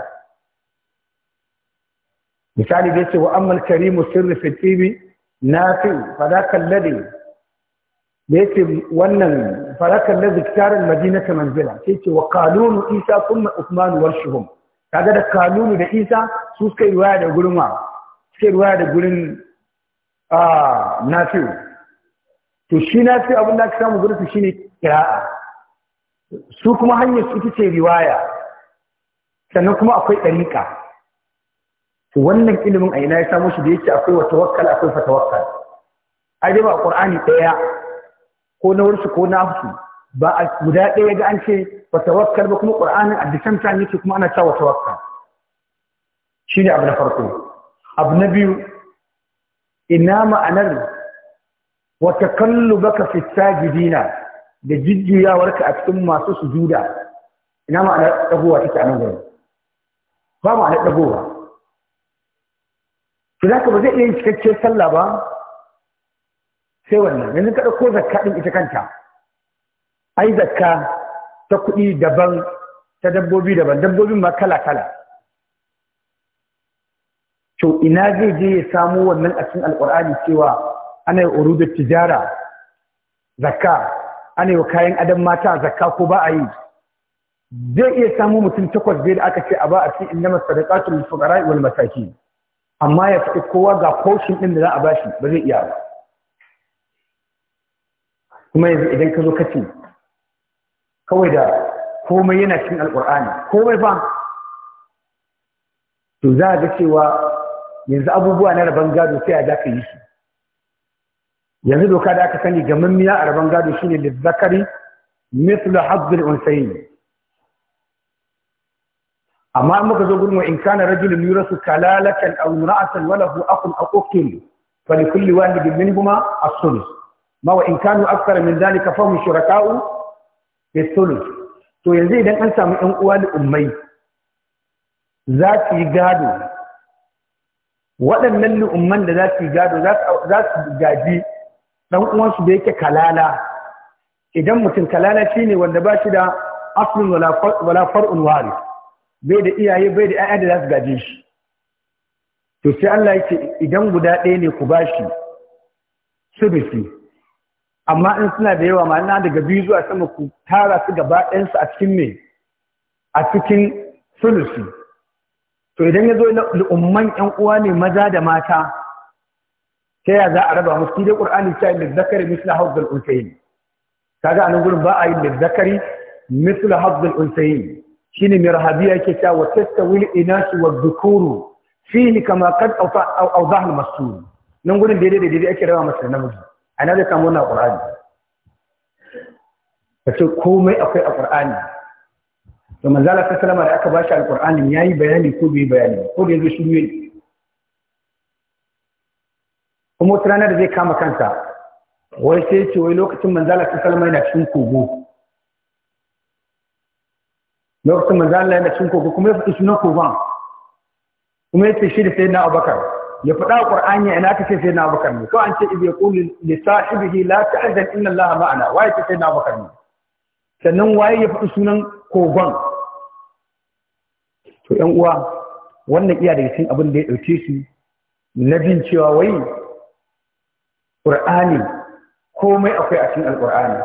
misali da ce wa ammal karimu sirri fi tibi fi fadakan ladi da yace wannan fadakan ladi kitarin madinata manzila sai ce wa kalunu isa kuma usman wal shuhum kaga da kalunu da isa su suka yi ruwaya da gurin wa suka yi ruwaya da gurin a ah, nafi to shi nafi abin da aka samu gurin su shine kira'a su kuma hanyar su ita ce riwaya sannan kuma akwai ɗariƙa wannan ilimin a ina ya samu shi da yake akwai wata wakkal akwai fata wakkal ai dai ba a ƙur'ani ɗaya ko na warsu ko na hutu ba a guda ɗaya ga an ce fata wakkal ba kuma qur'anin a the same time kuma ana ta wata wakkal ne abu na farko abu na biyu ina ma'anar Wata kallu ka fi sajidina da jijjiyawarka a cikin masu sujuda ina ma'anar dagowa take a nan gari ba ma'anar dagowa to zaka ba zai iya yin cikakken sallah ba sai wannan yanzu ka ɗauko zakka ɗin ita kanta ai zakka ta kuɗi daban ta dabbobi daban dabbobin ma kala kala to ina zai je ya samo wannan a cikin alƙur'ani cewa ana yi urudu tijara zakka ana yi kayan adam mata zakka ko ba a yi zai iya samu mutum takwas bai da aka ce a ba a cikin inna da lil fuqara wani mataki. amma ya fi kowa ga koshin ɗin da za a bashi ba zai iya ba kuma yanzu idan ka zo ka ce kawai da komai yana cikin alƙur'ani komai ba to za a ga cewa yanzu abubuwa na rabon gado sai a za ka yi shi yanzu doka da aka sani miya a rabon gado shine lizzakari mithlu hazzul unsayin amma muka zo gurin wa in kana rajulun yurasu kalalatan aw imra'atan wa lahu akhun aw ukhtun فلكل واحد Ma in ما وإن min أكثر من ذلك فهم شركاء sulus to yanzu idan an samu ɗan uwa da ummai za su yi gado waɗannan lu'umman da za su yi gado za su gaji dan uwansu da yake kalala idan mutum kalala shi ne wanda ba shi da aslun wala far'un wari bai da iyaye bai da 'ya'ya da za gaje shi to sai Allah yake idan guda ɗaya ne ku ba bashi subisi amma in suna da yawa ma'ana daga biyu zuwa sama ku tara su gaba ɗayansu a cikin me a cikin sulusi to idan ya zo lu'umman umman ƴan uwa ne maza da mata ta ya za a raba musu shi dai qur'ani ta yin zakari misla hawdul unsayin kaga anan gurin ba a yin zakari misla hawdul unsayin shine mirhabiya yake cewa wa tastawil inasu wa dhukuru fihi kama qad awdaha al mastur nan gurin daidai da daidai ake raba masa namiji ana da samu wannan qur'ani kace komai akwai a qur'ani to manzala sallallahu alaihi wasallam da aka bashi al-qur'ani yayi bayani ko bai bayani ko da yazo shiru ne? kuma wata ranar da zai kama kanta, wai sai ce wai lokacin manzala ta salama yana cikin kogo lokacin manzala yana cikin kogo kuma ya faɗi sunan kogon kuma ya ce shi da na abakar ya faɗa a ya ina ta ce na abakar ne kawai an ce ibi yaqulu li sahibihi la ta'zan inna Allah ma'ana waye ce na abakar ne sannan waye ya faɗi sunan kogon to ƴan uwa wannan iya daga cikin abin da ya ɗauke su na jin cewa wai Qur'ani komai akwai a cikin al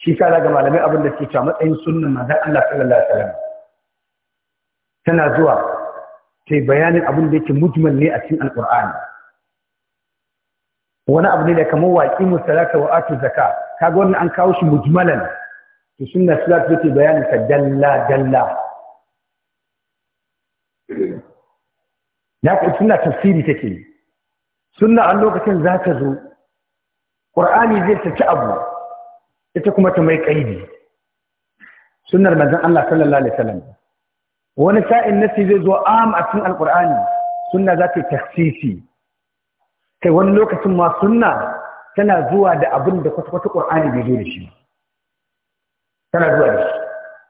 shi ka daga malamai abin da ke cewa matsayin sunnan manzon Allah sallallahu alaihi wasallam tana zuwa sai bayanin abin da yake mujmal ne a cikin al wani abu ne da kamar waƙi musalata wa atu zaka kaga wannan an kawo shi mujmalan to sunna salatu yake bayanin ka dalla dalla da haka sunna tafsiri take sunna a lokacin za ta zo ƙur'ani zai saki abu ita kuma ta mai ƙaidi sunnar manzon Allah sallallahu alaihi wasallam wani sa'in nasi zai zo am a cikin alƙur'ani sunna za ta tafsisi kai wani lokacin ma sunna tana zuwa da abin da kwata-kwata ƙur'ani bai zo da shi tana zuwa da shi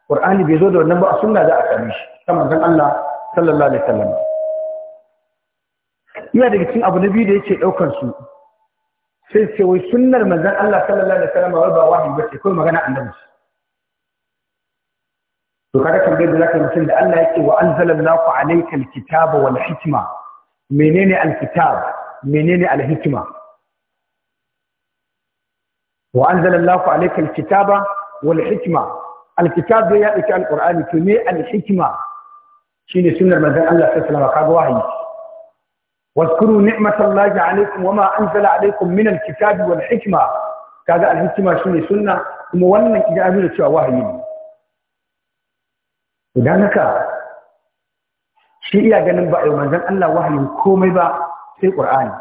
ƙur'ani bai zo da wannan ba a sunna za a same shi ta manzon Allah sallallahu alaihi wasallam yana daga cikin abu na biyu da yake ɗaukar su sai ce wai sunnar manzon Allah sallallahu alaihi wasallam wai ba wahayi ba ce kai magana annabi to kaga tambayar da zaka mutum da Allah yake wa anzalallahu alaykal kitaba wal hikma menene al kitab menene al hikma wa anzalallahu alaykal kitaba wal hikma al kitab ya dauki al qur'ani to me al hikma shine sunnar manzon Allah sallallahu alaihi wasallam kaga wahayi واذكروا نعمة الله عليكم وما أنزل عليكم من الكتاب والحكمة كذا الحكمة شنو سنة kuma wannan idan an nuna cewa wahayi ne idan haka shi iya ganin ba a yi manzan Allah wahayin komai ba sai ƙur'ani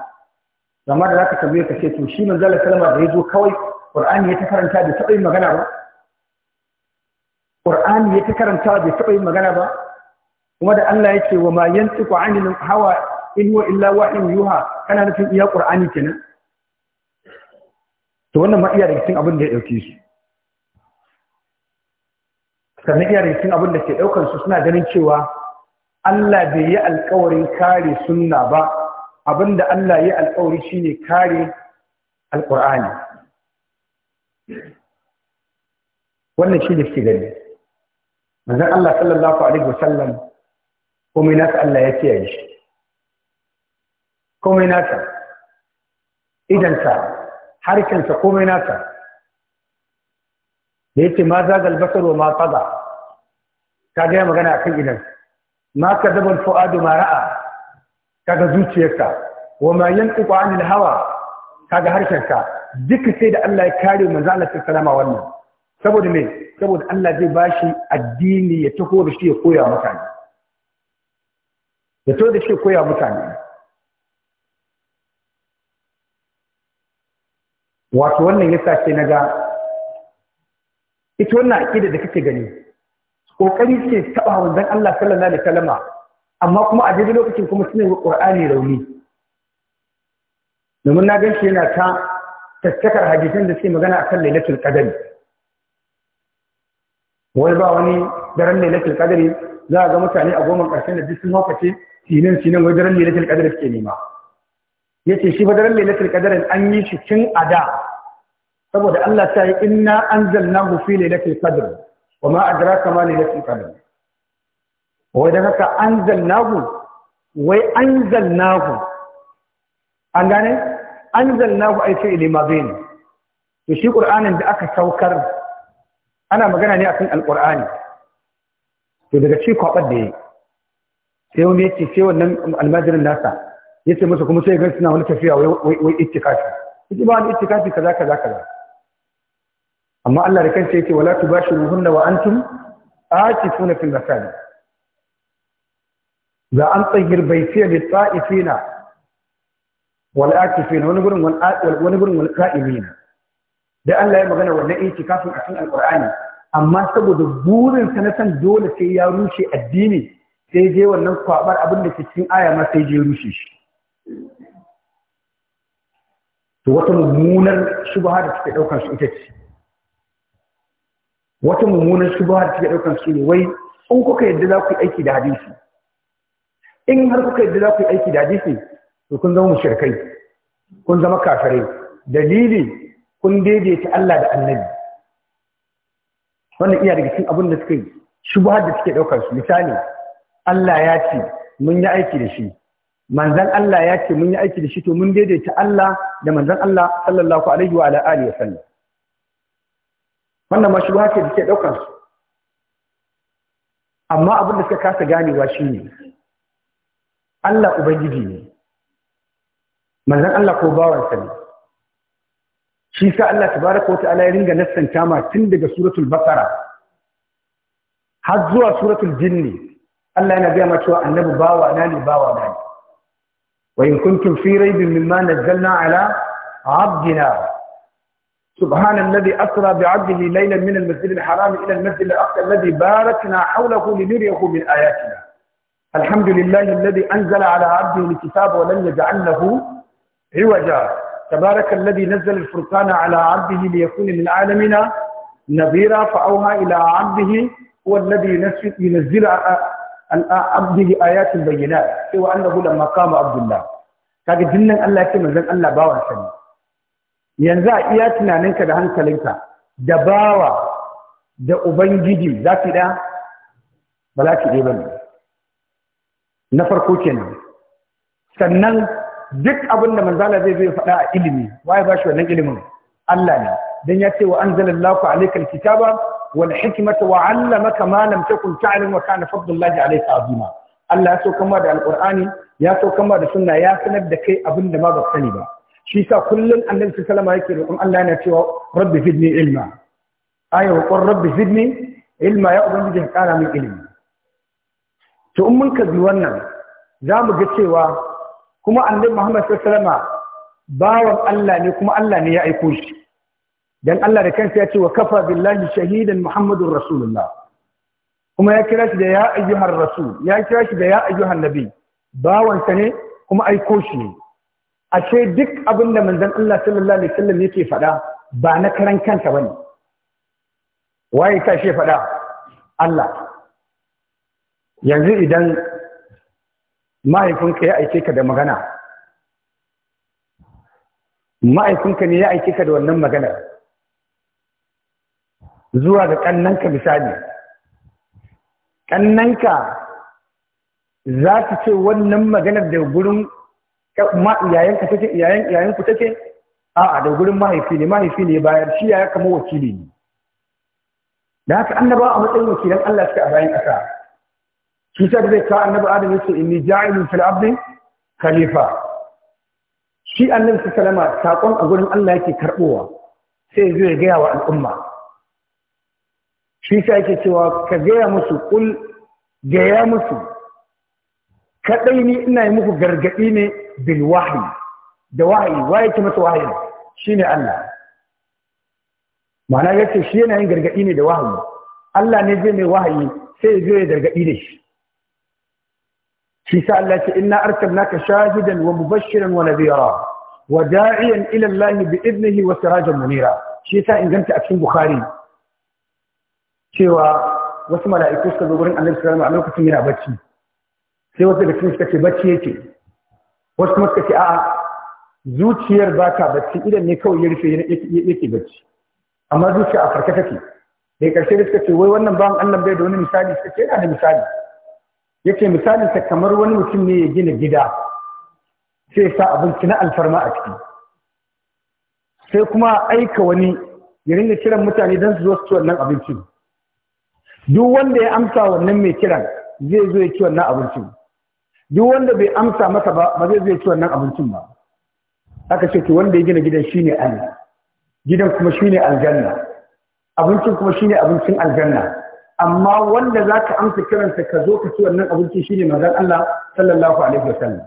zama da za ka tambaye ka ce to shi manzan Allah salama da ya zo kawai ƙur'ani ya ta karanta bai taɓa yin magana ba kuma da Allah ya wa ma yantiqu hawa in huwa illa wahyin yuha kana nufin iya qur'ani kenan to wannan ma iya da cikin abin da ya dauke su sannan iya da cikin abin da ke daukar su suna ganin cewa Allah bai yi alƙawarin kare sunna ba abinda Allah ya alƙawari shine kare alqur'ani wannan shi da suke gani manzon Allah sallallahu alaihi wasallam komai nasa Allah ya kiyaye shi komai nata idansa harkensa komai nasa. da yake ma zagal basar wa ma faɗa. Ta gaya magana akan idan ma ka zaban fu'adu ma ra'a Ka ga zuciyarka wa ma yantiqu anil hawa Ka ga harshenka duka sai da Allah ya kare manzo Allah salama wannan saboda me saboda Allah zai bashi addini ya taho da shi ya koya mutane ya taho da shi ya koya mutane wato wannan yasa na ga, ita wannan aqida da kake gani ƙoƙari ke taba wanzan Allah sallallahu alaihi kalama amma kuma a daidai lokacin kuma suna yi rauni domin na gan shi yana ta tattakar hadisan da suke magana akan lailatul qadari wani ba wani daren lailatul qadari za a ga mutane a goma ƙarshen da duk sun haukace sinin sinin wai daren lailatul qadari suke nema yace shi ba daren lailatul qadarin an yi shi tun a da saboda Allah ta yi inna anzalnahu fi lailatul qadr wa ma kama ma lailatul qadr wai dan haka anzalnahu wai anzalnahu an gane anzalnahu ay fi ne? to shi qur'anin da aka saukar ana magana ne akan Alƙur'ani? to daga ci kwabar da yi sai wani yake sai wannan almajirin nasa Ya ce masa kuma sai ga suna wani tafiya wai wai ittikafi ba wani ittikafi kaza kaza kaza amma Allah da kansa yake wala tubashiruhunna wa antum aakifuna fil masajid za an tsayir baitiya lit ta'ifina wal aakifina wani gurin wal wani gurin wal qa'imina da Allah ya magana wannan kafin a cikin alqur'ani amma saboda burin sa na san dole sai ya rushe addini sai je wannan kwabar abin da ke cikin aya ma sai je rushe shi to wata mummunar shubha da suke daukar su ita ce wata mummunar shubha da take daukan shi ne wai in kuka yadda za ku yi aiki da hadisi in har kuka yadda za ku yi aiki da hadisi to kun zama mushrikai kun zama kafirai dalili kun daidaita Allah da Annabi wannan iya daga cikin abin da suka yi shubha da suke daukar su misali Allah ya ce mun yi aiki da shi manzan Allah ya ce mun yi aiki da shi to mun daidaita Allah da manzan Allah sallallahu alaihi wa alihi wa sallam wannan ma shubha ce da ke daukar su amma abin da suka kasa ganewa shine Allah ubangiji ne manzon Allah ko bawansa ne shi sa Allah baraka wata ta'ala ya ringa nassanta ma tun daga suratul baqara har zuwa suratul jinni Allah yana gaya ma cewa annabi bawa na ne bawa na ne wa in kuntum fi raibin mimma nazzalna ala abdina سبحان الذي أسرى بعبده ليلا من المسجد الحرام إلى المسجد الأقصى الذي باركنا حوله لنريه من آياتنا الحمد لله الذي أنزل على عبده الكتاب ولم يجعل له عوجا تبارك الذي نزل الفرقان على عبده ليكون للعالمين نذيرا فأوها إلى عبده هو الذي ينزل عن عبده آيات بينات سوى أنه لما قام عبد الله هذه جنن الله كما زن الله باوى سنه yanzu a iya tunaninka da hankalinka da bawa da ubangiji za ki ɗaya ba za ki ɗaya ba ne na farko kenan sannan duk abin da manzala zai zai faɗa a ilimi waye ba shi wannan ilimin Allah ne dan ya ce wa anzalallahu alayka alkitaba wal hikmata wa 'allamaka ma lam takun ta'lam wa kana fadlullahi alayka azima Allah ya so kama da alqur'ani ya so kama da sunna ya sanar da kai abin da ma ba sani ba shi sa kullum annabi sallama yake roƙon Allah yana cewa rabbi zidni ilma ayi roƙon rabbi zidni ilma ya ubangiji ka kara min ilimi to in mun kazi wannan za mu ga cewa kuma annabi Muhammad sallama bawan Allah ne kuma Allah ne ya aiko shi dan Allah da kansa ya ce wa kafa billahi shahidan muhammadur rasulullah kuma ya kira shi da ya ayyuhar rasul ya kira shi da ya ayyuhan nabi bawansa ne kuma aiko shi ne A ce duk abin da manzan Allah sallallahu alaihi wasallam yake faɗa ba na karan ba bane waye ta she faɗa Allah yanzu idan mahaifinka ya aike ka da magana ma'aikunka ne ya aike ka da wannan maganar zuwa ga ƙannanka misali ƙannanka za su ce wannan maganar da gurin Yayanku iyayen ka take iyayen iyayen take a'a da gurin mahaifi ne mahaifi ne bayan shi ya kama wakili ne da haka annaba a matsayin wakilan Allah suke a bayan ƙasa shi ta da zai kawo annaba adam yace inni ja'ilun fil ardi khalifa shi annabi su salama sakon a gurin Allah yake karbowa sai zai gaya wa al'umma shi sa yake cewa ka gaya musu kul gaya musu kadai ni ina yi muku gargadi ne bil wahyi da wahyi waye ke masa wahyi shine Allah ma'ana yace shi yana yin gargadi ne da wahyi Allah ne zai mai wahayi sai ya zo ya gargadi da shi shi sa Allah ce inna arsalnaka shahidan wa mubashiran wa nadhira wa da'iyan ila Allah bi idnihi wa sirajan munira shi sa inganta a cikin bukhari cewa wasu mala'iku suka zo gurin Annabi sallallahu alaihi wasallam a lokacin yana bacci sai wasu da cikin suka ce bacci yake wasu kuma suka ce a'a zuciyar ba ta bacci idan ne kawai ya rufe yake bacci amma zuciya a farka take da karshe da suka ce wai wannan ba Allah bai da wani misali suka ce yana da misali yake misalin ta kamar wani mutum ne ya gina gida sai sa abinci na alfarma a ciki sai kuma aika wani ya ringa kiran mutane don su zo su ci wannan abincin duk wanda ya amsa wannan mai kiran zai zo ya ci wannan abincin duk wanda bai amsa masa ba ba zai zai ci wannan abincin ba aka ce ki wanda ya gina gidan shine ali gidan kuma shine aljanna abincin kuma shine abincin aljanna amma wanda zaka amsa kiransa ka zo ka ci wannan abincin shine manzon Allah sallallahu alaihi wasallam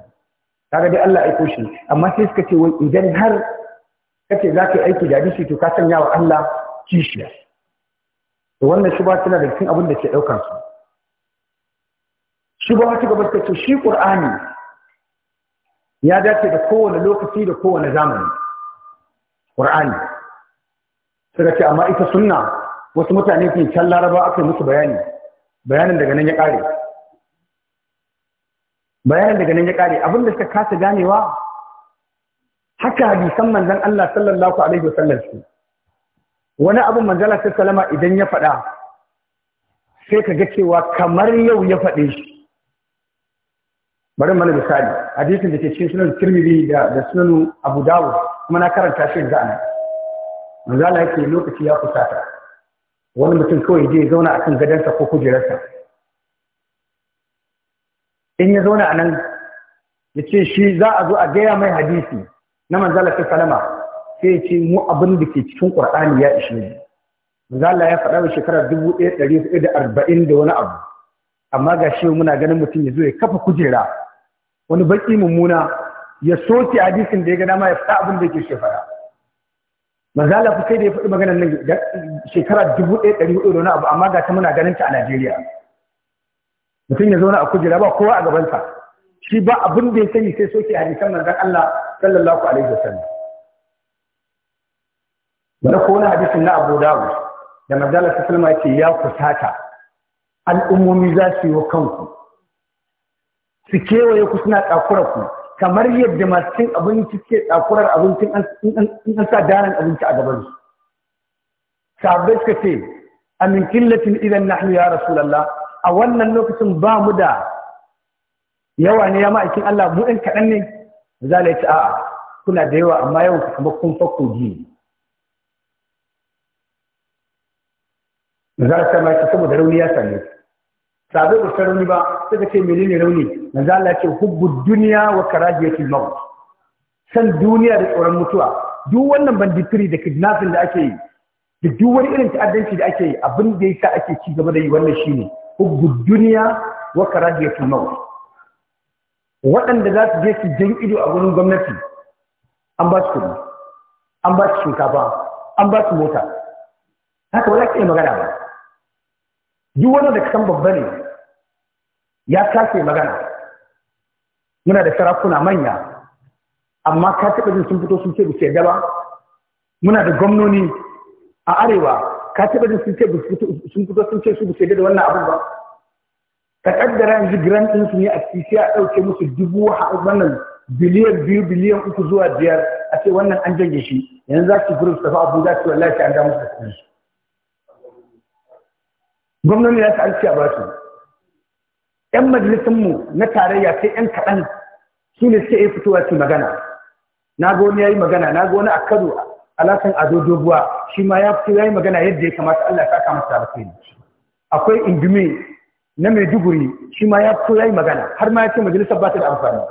kaga dai Allah aiko shi amma sai suka ce wai idan har kace zaka yi aiki da hadisi to ka sanya wa Allah kishiya to wannan ba tana da cikin abin da ke daukar su shi ba wata gabar ta ce shi ƙur'ani ya dace da kowane lokaci da kowane zamani ƙur'ani suka ce amma ita sunna wasu mutane ke can laraba aka musu bayani bayanin daga nan ya ƙare bayanin daga nan ya ƙare abinda suka kasa ganewa haka hadisan Manzan Allah sallallahu alaihi wasallam su wani abin manzala salama idan ya faɗa sai ka ga cewa kamar yau ya faɗe shi bari mana misali hadisin da ke cikin sunan tirmidhi da da sunan abu dawud kuma na karanta shi da anan manzo Allah yake lokaci ya kusata wani mutum kawai je zauna akan gadansa ko kujerarsa in ya zauna anan ya ce shi za a zo a gaya mai hadisi na manzo ta salama sai ya ce mu abin da ke cikin qur'ani ya ishe ni manzo Allah ya faɗa wa shekarar arba'in da wani abu amma ga shi muna ganin mutum ya zo ya kafa kujera wani baki mummuna ya soke hadisin da ya gada ma ya fita abin da yake shefara manzo Allah sai da ya faɗi maganar nan shekara dubu ɗaya, hudu da wani abu amma ga ta muna ganin ta a Najeriya mutum ya zauna a kujera ba kowa a gabansa shi ba abin da ya sani sai soke hadisan manzon Allah sallallahu alaihi wasallam bana ko wani hadisin na Abu Dawud da Mazala Allah sallallahu alaihi ya kusata al'ummomi za su yi wa kanku su kewaye ku suna tsakura ku kamar yadda masu cin abinci suke ɗakurar abincin in an sa danan abinci a gaban su sahabbai suka ce a min killatin idan nahnu ya rasulallah a wannan lokacin ba mu da yawa ne ya ma'aikin Allah mu ɗan kaɗan ne zalai ci a'a kuna da yawa amma yau ku kuma kun fakko ji za ta saboda rauni ya same ku sabe ba ta rauni ba sai ka ce menene rauni manzo Allah ce hubbud dunya wa karahiyatul maut san duniya da tsoron mutuwa duk wannan banditiri da kidnapping da ake yi da duk wani irin ta'addanci da ake yi abin da yasa ake ci gaba da yi wannan shine hubbud dunya wa karahiyatul maut waɗanda za su je su jan ido a wurin gwamnati an ba su kuɗi an ba su shinkafa an ba su mota haka ba za ka iya magana ba duk wani da kasan babba ne ya kasa magana muna da sarakuna manya amma ka taɓa jin sun fito sun ce bisu yadda ba muna da gwamnoni a arewa ka taɓa jin sun ce sun fito sun ce su bisu yadda da wannan abin ba ka ƙaddara yanzu ɗin ɗinsu ne a cikin ya ɗauke musu dubu wannan biliyan biyu biliyan uku zuwa biyar a ce wannan an janye shi yanzu za su gurin su tafi abu, za su wallahi an da musu da kuɗi gwamnati ya an a ba su yan majalisunmu na tarayya sai yan kaɗan su ne suke yi fitowa su magana na ga wani ya yi magana na ga wani a kado alasan ado doguwa shi ma ya fito ya yi magana yadda ya kamata allah ya saka masa alkhairi akwai indume na maiduguri shi ma ya fito ya yi magana har ma ya ce majalisar ba ta da amfani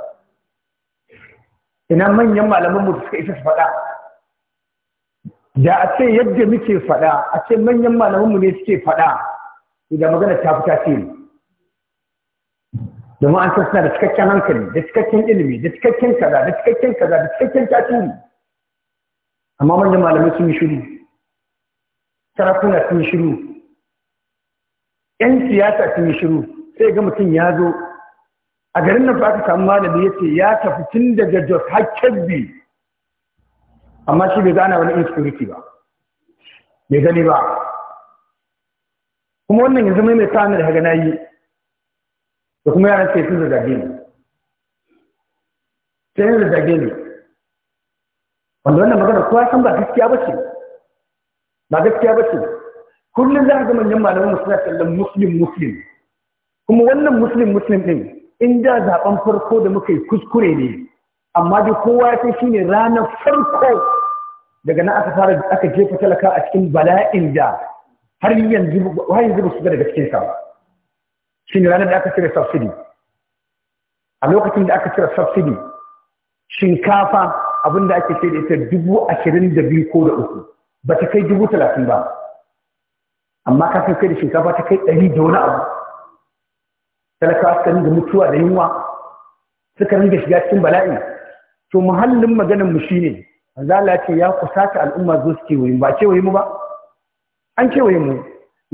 ina manyan malamanmu da suka isa su faɗa da a ce yadda muke faɗa a ce manyan malamanmu ne suke faɗa idan magana ta fi tasiri domin an sassa da cikakken hankali da cikakken ilimi da cikakken kaza da cikakken kaza da cikakken tasiri amma manyan malamai sun yi shiru sarakuna sun yi shiru yan siyasa sun yi shiru sai ga mutum ya zo a garin nan ba ka samu malami ya ce ya tafi tun daga jos har bi. amma shi bai gana wani insecurity ba bai gani ba kuma wannan yanzu mai mai sa'ani da haga na yi da kuma yaran ce sun zage ne sai yin zage ne wanda wannan magana kowa san ba gaskiya ba ce ba gaskiya ba ce kullum za a ga manyan malaman suna kallon muslim muslim kuma wannan muslim muslim din in da zaben farko da muka yi kuskure ne amma dai kowa ya san shine ranar farko daga na aka fara aka jefa talaka a cikin bala'in da har yanzu har yanzu ba su da gaske ka sa ba Shin ranar da aka cire subsidy a lokacin da aka cire subsidy shinkafa da ake ce da ita dubu ashirin da biyu ko da uku ba ta kai dubu talatin ba amma ka kai da shinkafa ta kai ɗari da wani abu talakawa suka rinda mutuwa da yunwa suka da shiga cikin bala'i to muhallin maganar mu shine Allah ya ce ya kusata al'umma zo suke ba ce wurin mu ba an kewaye mu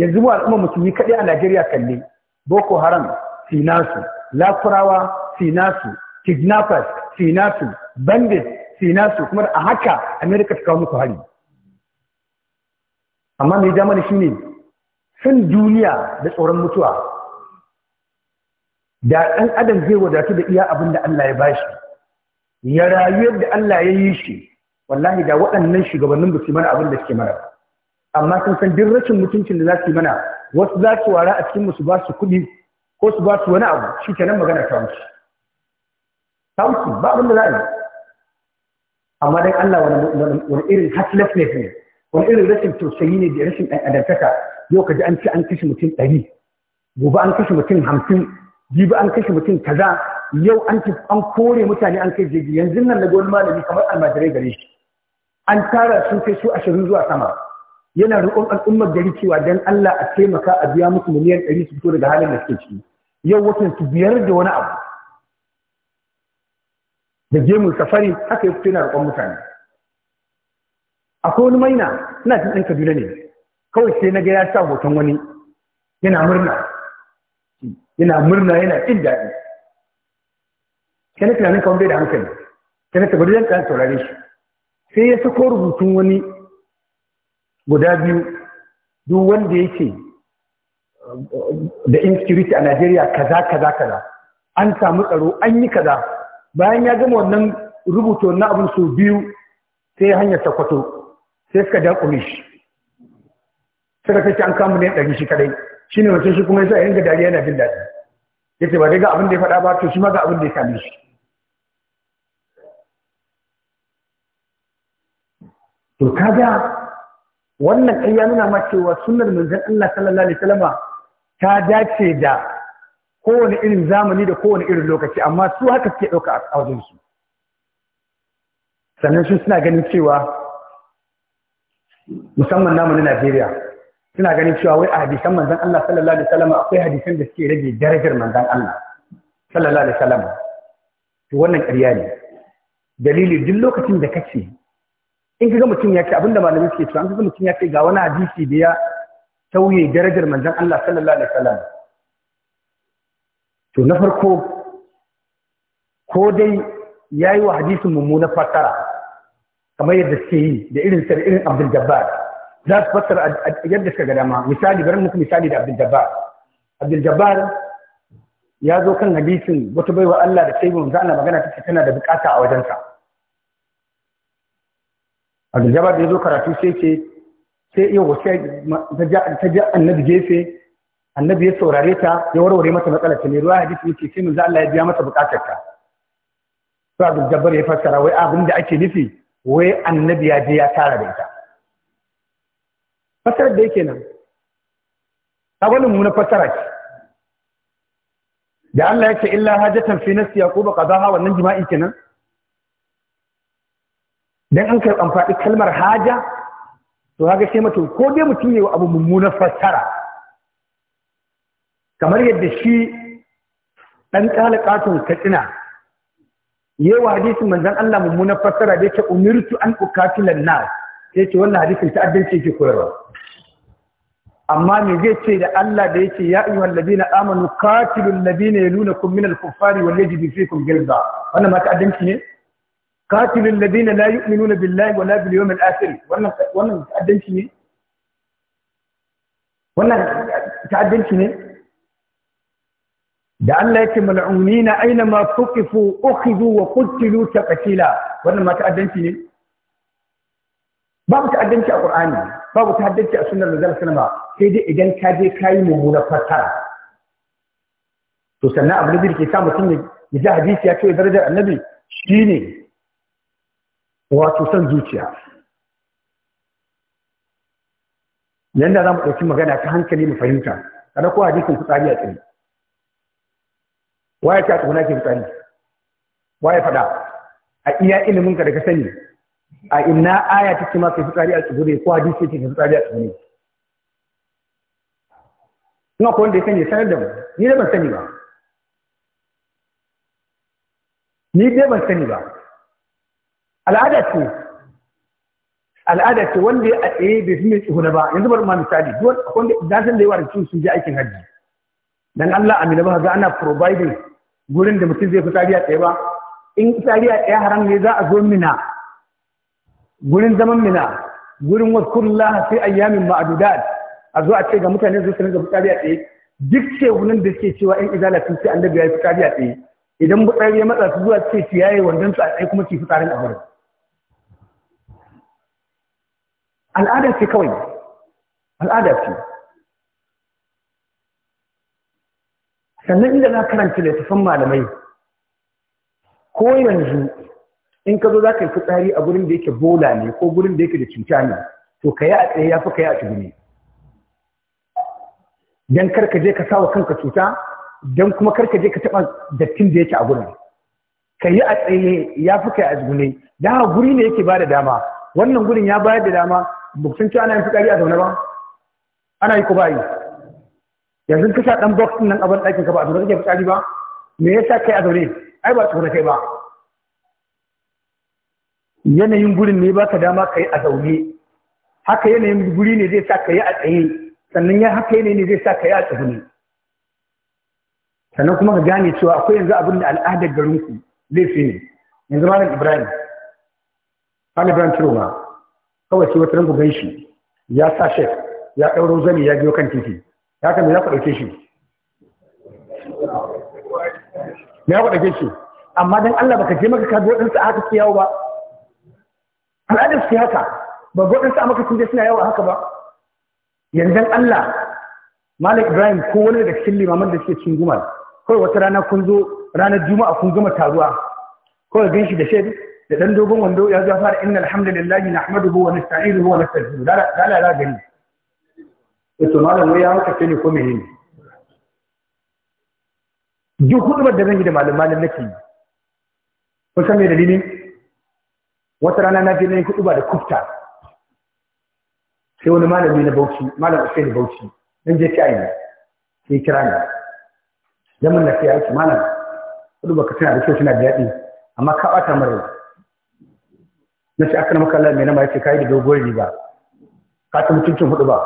yanzu mu al'umma musulmi kaɗai a Najeriya kalle Boko Haram finasu lakurawa finasu kidnappers finasu bandits finasu kuma a haka America ta kawo muku hari amma mai damar shi ne sun duniya da tsoron mutuwa da ɗan adam zai wadatu da iya abin da Allah ya bashi ya rayu yadda Allah ya yi shi wallahi da waɗannan shugabannin ba su mana abin da suke mara amma sun san duk rashin mutuncin da za su yi mana wasu za su wara a cikin su ba su kuɗi ko su ba su wani abu shi kenan magana ta wuce ta wuce ba abin da za a yi amma dan Allah wani irin hatlaf ne ne wani irin rashin tausayi ne da rashin adantaka yau ka ji an ci an kashe mutum ɗari gobe an kashe mutum hamsin jibi an kashe mutum kaza yau an an kore mutane an kai jirgi yanzu nan na wani malami kamar almajirai gare shi an tara sun kai su ashirin zuwa sama yana roƙon al'ummar gari cewa dan Allah a taimaka a biya musu miliyan ɗari su fito daga halin da suke ciki yau watan su biyar da wani abu da gemun safari haka ya fito yana roƙon mutane akwai wani maina ina jin ɗan Kaduna ne kawai sai na ga ya sa hoton wani yana murna yana murna yana jin daɗi sai na tunanin kawai bai da hankali sai na tabbatar da kan saurare shi sai ya sako rubutun wani guda biyu duk wanda yake da insecurity a Najeriya kaza kaza kaza an samu tsaro an yi kaza bayan ya gama wannan rubutu wannan abin sau biyu sai hanyar sakwato sai suka dakume shi suka kai an kama ne ɗari shi kadai shine wace shi kuma ya sa yin dariya yana bin daɗi ya ce ba dai ga abin da ya faɗa ba to shi ma ga abin da ya same shi to kaga wannan ƙarya nuna ma cewa sunnar manzon Allah sallallahu alaihi wasallam ta dace da kowane irin zamani da kowane irin lokaci amma su haka suke ɗauka a wajen su sannan su suna ganin cewa musamman namu na Najeriya suna ganin cewa wai a hadisan manzon Allah sallallahu alaihi wasallam akwai hadisan da suke rage darajar manzon Allah sallallahu alaihi wasallam to wannan ƙarya ne dalili duk lokacin da kace in kaga mutum ya ce abinda malamai suke cewa in kaga mutum ya ce ga wani hadisi da ya tauye darajar manzon Allah sallallahu alaihi wasallam to na farko ko dai yayi wa hadisin mummuna fassara kamar yadda suke yi da irin sar irin Abdul Jabbar za su fassara yadda suka ga dama misali bari muku misali da Abdul Jabbar Abdul Jabbar ya zo kan hadisin wata baiwa Allah da sai manzon Allah magana take tana da bukata a wajensa abdul-jabbar da ya zo karatu sai ce sai iya wasu ta ji annabi gefe annabi ya saurare ta ya warware mata matsala ta ne ruwa hadisi yake sai za Allah ya biya mata bukatar ta to abdul-jabbar ya fassara wai abin da ake nufi wai annabi ya je ya tara da ita fassarar da yake nan ta wani muna fassara ce da Allah ya ce illa hajatan fi nafsi yaquba qadaha wannan jima'i kenan dan an karɓan faɗi kalmar haja to haka sai mutum ko dai mutum ne wa abu mummunar fassara kamar yadda shi ɗan ƙalaƙatun katsina yawa hadisin manzan Allah mummunar fassara da yake umirtu an ukatilan nas sai ce wannan hadisin ta'addanci yake koyarwa amma me zai ce da Allah da yake ya ayyuhal ladina amanu qatilul ladina yalunakum min al-kuffari wal yajidu fikum gilza wannan ma ta'addanci ne قاتل الذين لا يؤمنون بالله ولا باليوم الآخر wannan wannan ta'addanci ne wannan ta'addanci ne da Allah yake mal'unina aina ma tuqifu ukhidhu wa qutilu taqtila wannan ma ta'addanci ne babu ta'addanci a Qur'ani babu ta'addanci a sunnar Nabi sallallahu sai dai idan ka je kai mummuna fatara to sannan abin da yake sa mutum ya ji hadisi ya ce darajar annabi shine wato son zuciya yanda za mu ɗauki magana ta hankali mu fahimta kada ko hadisin fitsari a tsaye waye ta tsuna ke fitsari waye faɗa a iya ilimin ka da ka sani a ina aya ce ma kai fitsari a tsibiri ko hadisi take fitsari a tsibiri ina ko wanda ya sani sanar da mu ni da ban sani ba ni dai ban sani ba al'ada ce al'ada ce wanda ya tsaye bai fi mai tsihuna ba yanzu bari ma misali wanda na san da yawa da cikin sun je aikin hajji dan Allah amina ba ga ana providing gurin da mutum zai fi tsariya tsaye ba in tsariya tsaye haram ne za a zo mina gurin zaman mina gurin waskullaha sai ayyamin ma'adudat a zo a ce ga mutane su sanin da fitsari tsaye duk shehunan da suke cewa in izala sun ce annabi ya yi fitsari tsaye idan mutane ya matsa su zuwa ce ciyaye yaye wandon su a tsaye kuma su tsarin a gurin al'ada ce kawai al'ada ce sannan inda na karanta littafin malamai ko yanzu in ka zo za ka yi fitsari a gurin da yake bola ne ko gurin da yake da cuta ne to ka yi a tsaye ya fi ka yi a tsibiri don karka je ka sa wa kanka cuta don kuma karka je ka taɓa dattin da yake a gurin ka yi a tsaye ya fi yi a zugune da guri ne yake ba da dama wannan gurin ya bayar da dama buksun ci ana yin fitsari a zaune ba ana yi ku bayi yi yanzu ka sha dan box nan abin ɗakin ka ba a zaune kake fitsari ba me yasa kai a zaune ai ba tsoro kai ba yanayin gurin ne ba ka dama kai a zaune haka yanayin guri ne zai sa kai a tsaye sannan ya haka yanayi ne zai sa kai a tsaye sannan kuma ka gane cewa akwai yanzu abin da al'adar garinku fi ne yanzu malam ibrahim malam ibrahim cirowa kawai sai wata rangu shi ya sa shek ya ɗauro zani ya biyo kan titi ya kan ya ɗauke shi ya ɗauke shi amma dan Allah baka je maka kaji waɗansu a haka su yawo ba al'adar su haka ba waɗansu a maka sun je suna yawo a haka ba yanzu Allah Malik Ibrahim ko wani daga cikin limaman da suke cin gumar kawai wata rana kun zo ranar juma'a kun gama taruwa kawai gan shi da shaidu da dan dogon wando ya zo fara inna alhamdulillahi nahmaduhu wa nasta'inuhu wa nastaghfiruh da la da gani to malam wai ya haka ce ne ko ne? duk hudubar da zan yi da malam malam nake yi kun san me dalilin wata rana na je na yi huduba da kufta sai wani malami na bauchi malam da bauchi dan je kai ne sai kira ni dan mun na sai aiki malam huduba ka tana da kyau tana da yadi amma ka bata mara na ce aka na makalla mai nama yake kayi da dogon riga ka ta mutuncin hudu ba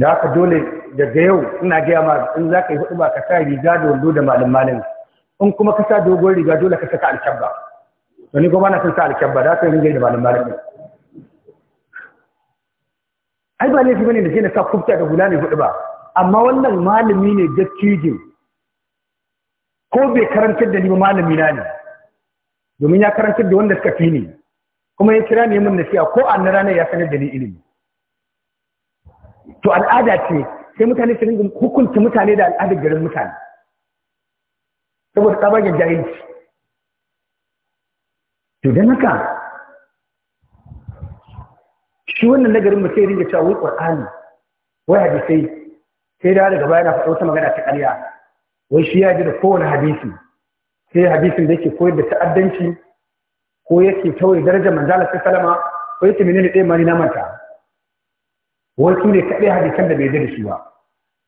da haka dole daga yau ina gaya ma in za ka yi hudu ba ka sa riga da wando da malin malin in kuma ka sa dogon riga dole ka saka alkyabba wani goma na sun sa alkyabba da haka yi riga da malin malin ne ai ba laifi bane da ke na sa kubta da hula ne hudu ba amma wannan malami ne dattijin. ko bai karantar da ni ba malami na ne domin ya karantar da wanda suka fi ni kuma ya kira neman mun nasiha ko an ranar ya sanar da ni ilimi to al'ada ce sai mutane su ringa hukunta mutane da al'adar garin mutane saboda tsabagen jahilci to don haka shi wannan nagarin mutane ringa cewa wai ƙwar'ani wai hadisai sai da daga baya na faɗo wata magana ta ƙarya wai shi ya ji da kowane hadisi sai hadisin da yake koyar da ta'addanci ko yake daraja, darajar manzala sai salama ko yake menene ɗaya mani na manta wasu ne kaɗai hadisan da bai zai da shi ba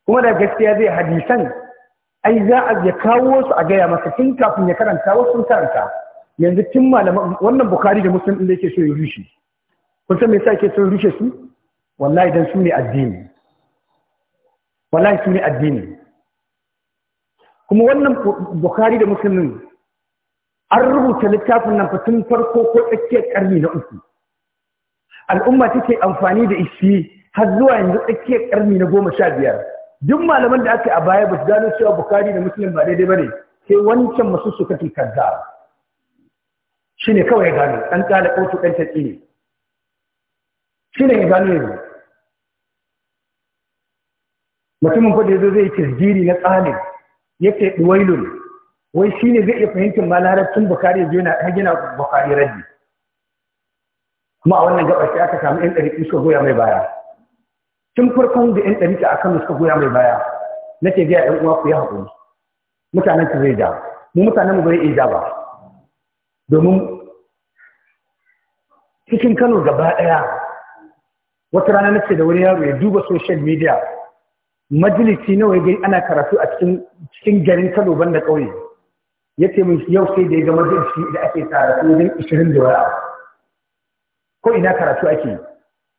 kuma da gaskiya zai hadisan ai za a ya kawo su a gaya masa tun kafin ya karanta wasu sun karanta yanzu tun malaman wannan bukari da musulun din da yake so ya rushe kun san me yasa yake so ya rushe su wallahi dan su ne addini wallahi su ne addini kuma wannan bukari da musulmin an rubuta littafin nan tun farko ko tsakiyar karni na uku al'umma take amfani da ishi har zuwa yanzu tsakiyar karni na goma sha biyar duk malaman da aka a baya ba su gano cewa bukari da musulmin ba daidai ba ne sai wancan masu su kake kaza shi ne kawai gano ɗan ƙala ƙautu ɗan tatsi ne shi ne gano yanzu mutumin fa da ya zo zai kirgiri na tsanin yake duwailun wai shi ne zai iya fahimtar ma larabcin bukari ya yana hagina bukari rabbi kuma a wannan gabashi sai aka samu yan ɗari suka goya mai baya tun farkon da yan ta a kano suka goya mai baya nake gaya yan uwa ku yi haƙuri mutanen ku zai da mu mutanen mu bai iya da ba domin cikin kano gaba ɗaya wata rana nace da wani yaro ya duba social media majalisi nawa ya ana karatu a cikin cikin garin Kano banda ƙauye ya ce mun yau sai da ya ga majalisi da ake karatu wajen ishirin da wani ko ina karatu ake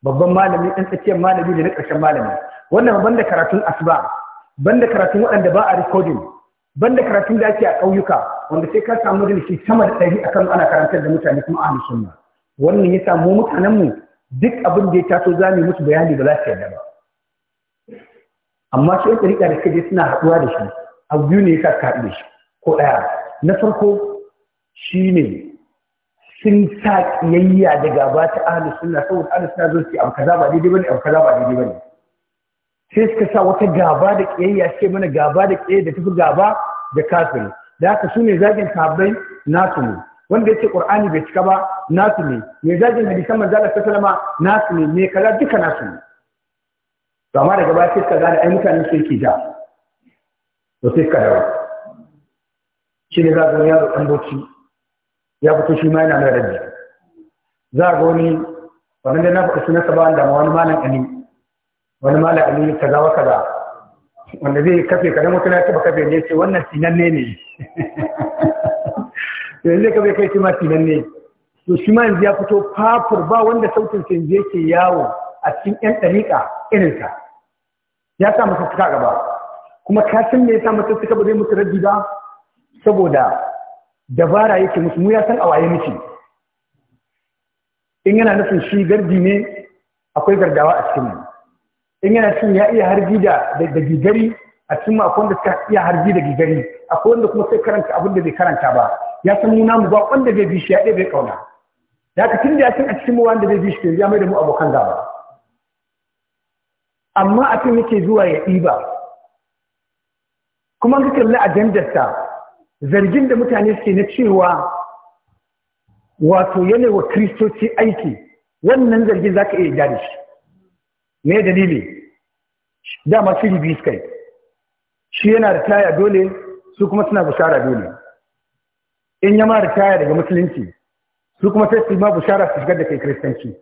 babban malami ɗan tsakiyar malami da na ƙarshen malami wannan ban banda karatun asuba banda karatun waɗanda ba a rikodin banda karatun da ake a ƙauyuka wanda sai ka samu majalisi sama da ɗari akan ana karantar da mutane kuma a hannun wannan ya samu mutanenmu duk abin da ya taso za mu yi musu bayani ba za su yarda ba amma shi wata rika da kaje suna haɗuwa da shi a biyu ne ka haɗu da shi ko ɗaya na farko shi ne sun sa ƙiyayya da ba ta ahalu suna saboda ahalu suna zo su abu kaza ba daidai ne, abu kaza ba daidai ne. sai suka sa wata gaba da ƙiyayya ce mana gaba da ƙiyayya da tafi gaba da kafin. da haka su ne zagin sahabbai nasu ne wanda ya ce ƙur'ani bai cika ba nasu ne mai zagin hadisan manzala sallama nasu ne mai kaza duka nasu ne to amma daga baya fiska ka gane ai mutane su yake ja to fiska ka shi ne za ga wani yaro ɗan bauchi ya fito shi ma yana mai rabi za ga wani wani da na faɗi suna saba wanda wani malam ali wani malam ali ta gawa kaza wanda zai kafe kada mutum ya taɓa kafe ne ce wannan sinanne ne yanzu zai kafe kai shi ma sinanne to shi ma yanzu ya fito fafur ba wanda sautin sai yake yawo a cikin 'yan ɗariƙa irinsa ya sa masa suka gaba kuma ka san me yasa masa suka ba zai musu raddi ba saboda dabara yake musu mu ya san a waye miki in yana nufin shi gardi ne akwai gardawa a cikin mu in yana cin ya iya harbi da da gigari a cikin mu akwai wanda suka iya harbi da gigari akwai wanda kuma sai karanta abin da bai karanta ba ya san mu namu ba wanda bai bi shi ya ɗaya bai kauna da haka tun da ya san a cikin mu wanda bai bi shi ya mai da mu abokan gaba amma a fi yake zuwa ya ɗiba kuma ka kalli a ajandarsa zargin da mutane suke na cewa wato yana wa kristoci aiki wannan zargin za ka iya gyara shi me dalili dama shi ribi suka yi shi yana ritaya dole su kuma suna bushara dole in yama ritaya daga musulunci su kuma sai su ma bushara su shigar da kai kristanci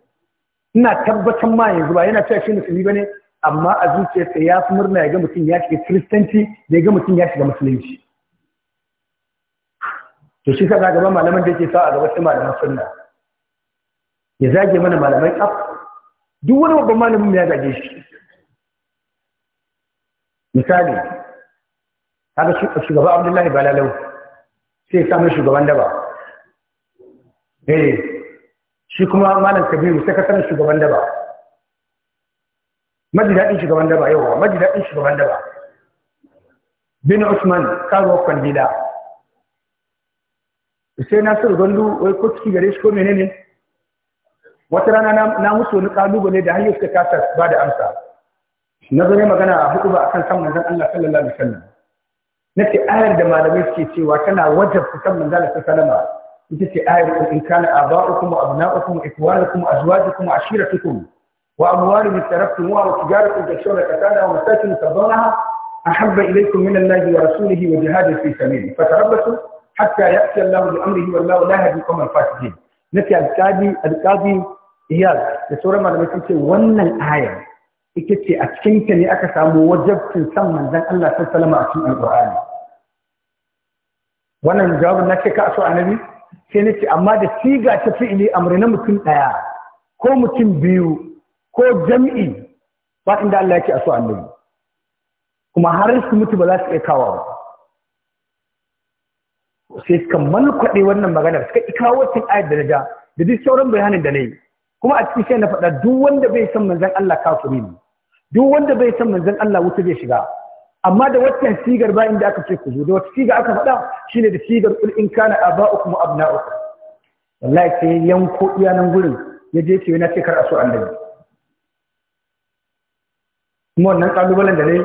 ina tabbatar ma yanzu ba yana cewa shi musulmi ne? amma a zuciyarsa ya fi murna ya ga mutum ya shiga kiristanci da ya ga mutum ya shiga musulunci to shi kaza gaban malaman da yake sa a gaba sai malaman sunna ya zage mana malamai kaf duk wani babban malamin ya zage shi misali kaga shugaba Abdullahi Balalau sai samun shugaban daba eh shi kuma malam Kabiru sai ka sanar shugaban daba maji daɗin shugaban daba yau maji daɗin shugaban daba bin usman karuwar kwandida. sai nasiru gwandu wai ko ciki gare shi ko menene wata rana na mutu wani kalubale da hanyar suka kasa ba da amsa na zo ne magana a hudu ba a kan san manzon Allah sallallahu alaihi wasallam nace ayar da malamai suke cewa tana wajen wajabta san manzon Allah sallallahu alaihi wasallam ita ce ayar in kana aba'ukum wa abna'ukum wa ikwanukum wa azwajukum wa ashiratukum وأموال تركتموها وتجارة تخشون كسادها ومساكن ترضونها أحب إليكم من الله ورسوله وجهاد في سبيله فتربصوا حتى يأتي الله بأمره والله لا يهدي القوم الفاسقين نتي القاضي القاضي إياد سورة ما لم تنسي ونن الآية ikace a cikin ta ne aka samu wajabcin san manzon Allah sallallahu a cikin Al-Qur'ani wannan jawabin nake ka so annabi sai nace amma da siga ta fi'ili amri na mutum daya ko mutum biyu ko jam'i ba inda Allah yake a so annabi kuma har su mutu ba za su iya kawo ba sai suka malkwaɗe wannan magana suka ika kawo wacin ayat da ja da duk sauran bayanin da na yi kuma a cikin sai na faɗa duk wanda bai san manzon Allah kafiri ne duk wanda bai san manzon Allah wuta zai shiga amma da wannan sigar ba da aka ce ku zo da wata siga aka faɗa shine da sigar kul in kana aba'ukum wa abna'ukum wallahi sai yanko iyanan gurin ya je ce yana ce kar a so annabi kuma wannan kalubalen da dai,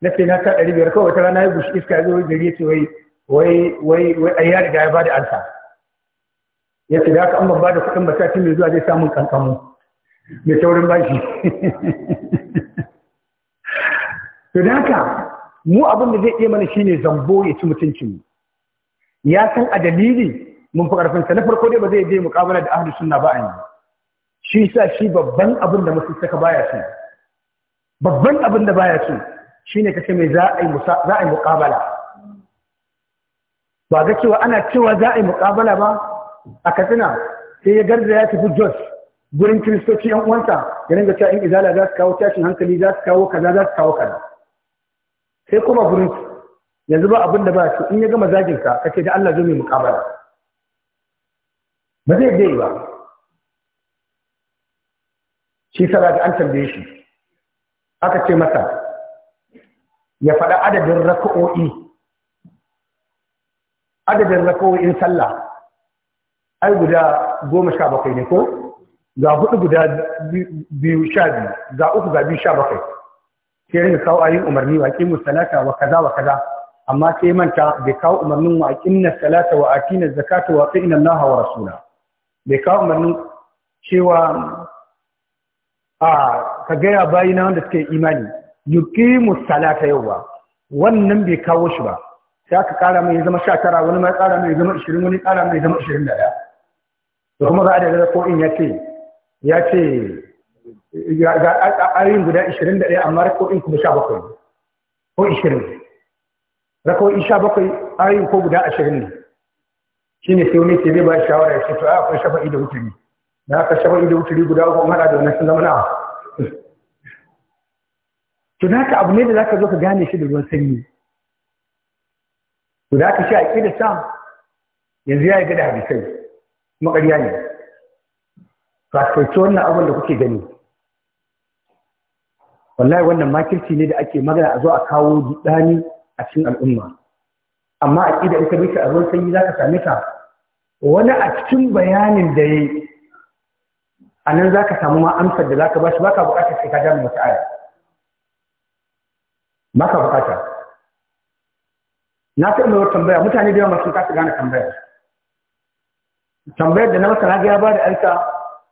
na ce na ta ɗari biyar kawai wata rana ya gushi iska ya zo gari ya ce wai wai wai wai ya ya bada ansa ya ce da haka an babba da kuɗin matakin mai zuwa zai samun kankamu mai saurin bashi to da haka mu abin da zai iya mana ne zambo ya ci mutuncin ya san a dalili mun fi karfin sa na farko dai ba zai je kabala da ahlus sunna ba a yi shi sa shi babban abin da saka baya shi babban abin da baya shi ne kashe mai za a yi mukabala ba ga cewa ana cewa za a yi mukabala ba a katsina sai ya garza ya tafi Jos gurin kiristoci yan uwanta, ya ringa cewa in izala za su kawo tashin hankali za su kawo kaza za su kawo kaza sai kuma gurin yanzu ba abin da ba su in ya gama zaginka ka kace da Allah zo mai mukabala ba zai dai ba shi sara da an tambaye shi aka ce masa ya faɗa adadin raka'o'i adadin raka'o'in sallah ai guda goma sha bakwai ne ko ga hudu guda biyu sha biyu ga uku ga biyu sha bakwai sai rin kawo ayin umarni wa aqimu musalata wa kaza wa kaza amma sai manta bai kawo umarnin wa na salata wa na zakata wa atina inan wa rasula bai kawo umarnin cewa a ka gaya bayina wanda suke imani musala ta yau ba. wannan bai kawo shi ba sai aka kara mai zama 19 wani ma kara mai zama 20 wani kara mai zama 21 to kuma za a da ko in yace yace ga ayin guda 21 amma ko in kuma 17 ko 20 rako in 17 ayin ko guda 20 ne shine sai wani ke zai ba shawara ya ce to akwai shafa'i da wuturi da aka shafa'i da wuturi guda uku mara da wannan sun zama nawa to abu ne da za ka zo ka gane shi da ruwan sanyi to da ka shi a da sa yanzu ya yi gada hadisai kuma ƙarya ne fasfaici wannan abin da kuke gani wallahi wannan makirci ne da ake magana a zo a kawo dani a cikin al'umma amma a ƙida ita bisa a ruwan sanyi za ka same ta wani a cikin bayanin da ya yi a nan za ka samu ma amsar da za ka ba shi ba ka buƙatar sai ka gane wata aya Maka bukata na sai mai tambaya mutane da yawa sun kasa gane tambaya. tambayar da na masana ya ba da alka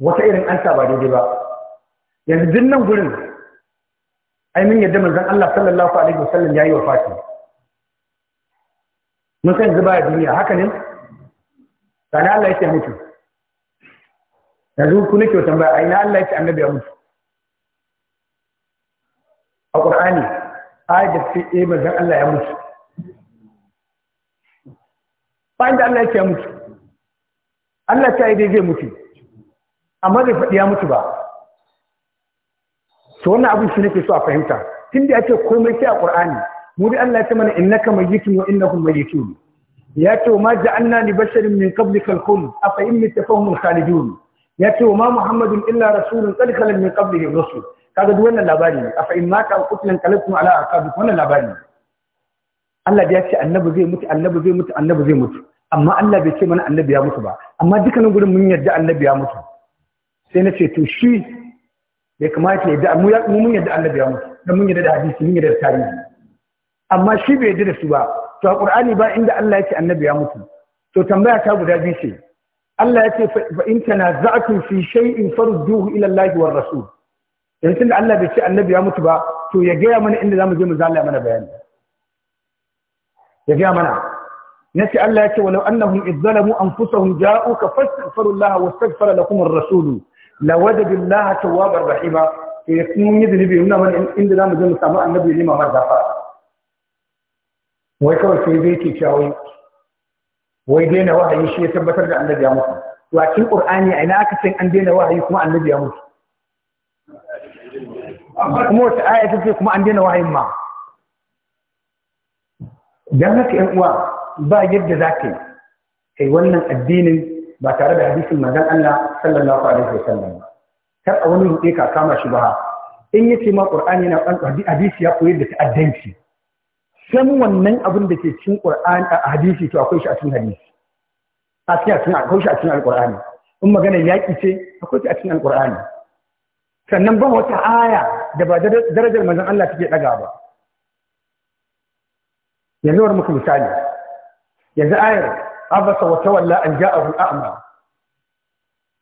wata irin alka ba daidai ba yanzu duk nan gurin ai mun yadda manzon Allah sallallahu alaihi wasallam yayi wafati mun san zuba duniya haka ne sai Allah ya ce mutu yanzu ku nake tambaya ai na Allah ya ce annabi ya mutu a ƙur'ani ayi da take eh manzon Allah ya mutu bayan da Allah ya ce ya mutu Allah ta yi dai zai mutu amma zai faɗi ya mutu ba to wannan abin shi nake so a fahimta tun da ya ce komai sai a ƙur'ani mu da Allah ya ce mana innaka mayyitun wa innakum mayyitun ya ce wa ma ja'alna ni basharin min qablika al-khuld afa in mitta fahum al-khalidun ya ce wa ma muhammadun illa rasulun qad khala min qablihi rusul kaga duk wannan labari ne afa in mata qutlan qalbtum ala aqabikum wannan labari ne Allah ya ce annabi zai mutu annabi zai mutu annabi zai mutu amma Allah bai ce mana annabi ya mutu ba amma dukkanin gurin mun yarda annabi ya mutu sai na ce to shi bai kamata ya da mu mun yarda annabi ya mutu dan mun yarda da hadisi mun yarda da tarihi amma shi bai yarda da su ba to a qur'ani ba inda Allah ya ce annabi ya mutu to tambaya ta guda biyu ce Allah ya ce fa in tanaza'tum fi shay'in farudduhu ila Allah war rasul yanzu da Allah bai ce annabi ya mutu ba to ya gaya mana inda mu je mu zalla mana bayani ya gaya mana Na ce Allah ya ce walau annahum izzalamu anfusahum ja'uka fastaghfirullaha wastaghfara lakum ar-rasul lawajadu Allah tawwabar rahima to ya kun yi zunubi nuna mana inda mu je mu samu annabi ne mamar zafa wai kawai sai zai ke cewa wai daina wahayi shi ya tabbatar da annabi ya mutu to a cikin qur'ani a ina aka ce an daina wahayi kuma annabi ya mutu kuma wata aya ta ce kuma an daina wahayin ma dan haka yan uwa ba yadda za ka yi kai wannan addinin ba tare da hadisin manzon Allah sallallahu alaihi wasallam kar a wani ruɗe ka kama shi ba in yace ma qur'ani yana kan hadisi ya koyar da ta'addanci san wannan abin da ke cikin qur'ani a hadisi to akwai shi a cikin hadisi a cikin akwai shi a cikin alqur'ani in magana yaki ce akwai shi a cikin alqur'ani sannan ba wata aya da ba darajar manzon Allah take daga ba yanzu war muku misali yanzu ayar abasa wa tawalla an ja'ahu al'ama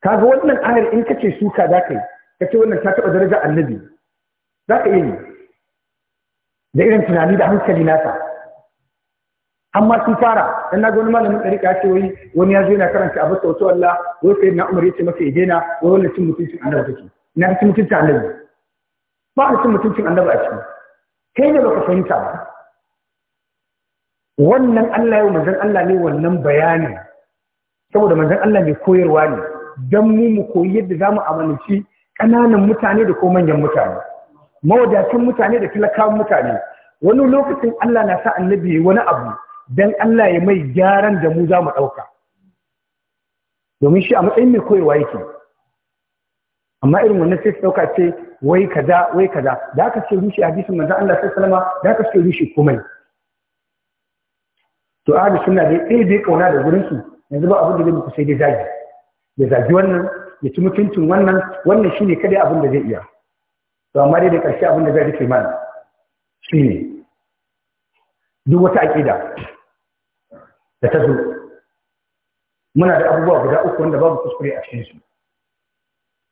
kaga wannan ayar in kace suka zakai kace wannan ta taba darajar annabi zaka yi da irin tunani da hankali nasa amma sun fara dan naga wani malamin ɗariƙa ce wai wani ya zo yana karanta abu sau walla wai sai na umar yace masa ya daina wai wannan cin mutuncin annabi take na cikin mutuncin annabi ba a cikin mutuncin annabi a ciki kai ne baka fahimta ba wannan Allah yau manzon Allah ne wannan bayani saboda manzon Allah mai koyarwa ne dan mu mu koyi yadda zamu amince ƙananan mutane da ko manyan mutane mawadatan mutane da talakawan mutane wani lokacin Allah na sa annabi wani abu dan Allah ya mai gyaran da mu zamu mu ɗauka domin shi a matsayin mai koyarwa yake amma irin wannan sai su dauka ce wai kaza wai kaza da aka ce rushe hadisin manzo Allah sallallahu alaihi da aka ce rushe komai to ahli sunna dai dai bai kauna da gurin su yanzu ba abin da zai muku sai dai zagi ya zagi wannan ya ci mutuncin wannan wannan shine kada abin da zai iya to amma dai da ƙarshe abin da zai rufe mana shine duk wata aqida da ta zo muna da abubuwa guda uku wanda babu kuskure a cikin su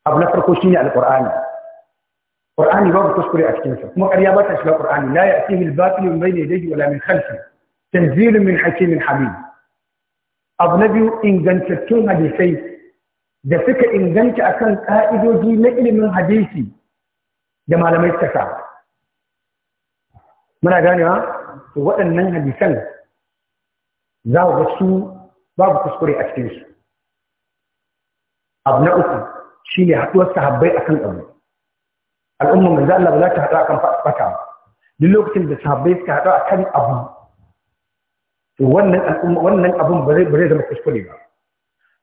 abu na farko shine alqur'ani qur'ani babu kuskure a cikinsa kuma ƙarya ba ta shiga qur'ani la ya'tihi al-batil min bayni yadayhi wala min khalfi tanzilun min hakimin hamid abu na biyu ingantattun hadisai da suka inganta akan ka'idoji na ilimin hadisi da malamai suka sa muna ganewa to waɗannan hadisan za ga su babu kuskure a cikinsu abu na uku shine haɗuwar sahabbai akan tsaro al'ummar manzo Allah ba za ta haɗu akan fata ba duk lokacin da sahabbai suka haɗu a kan abu to wannan al'umma wannan abun ba zai zama kuskure ba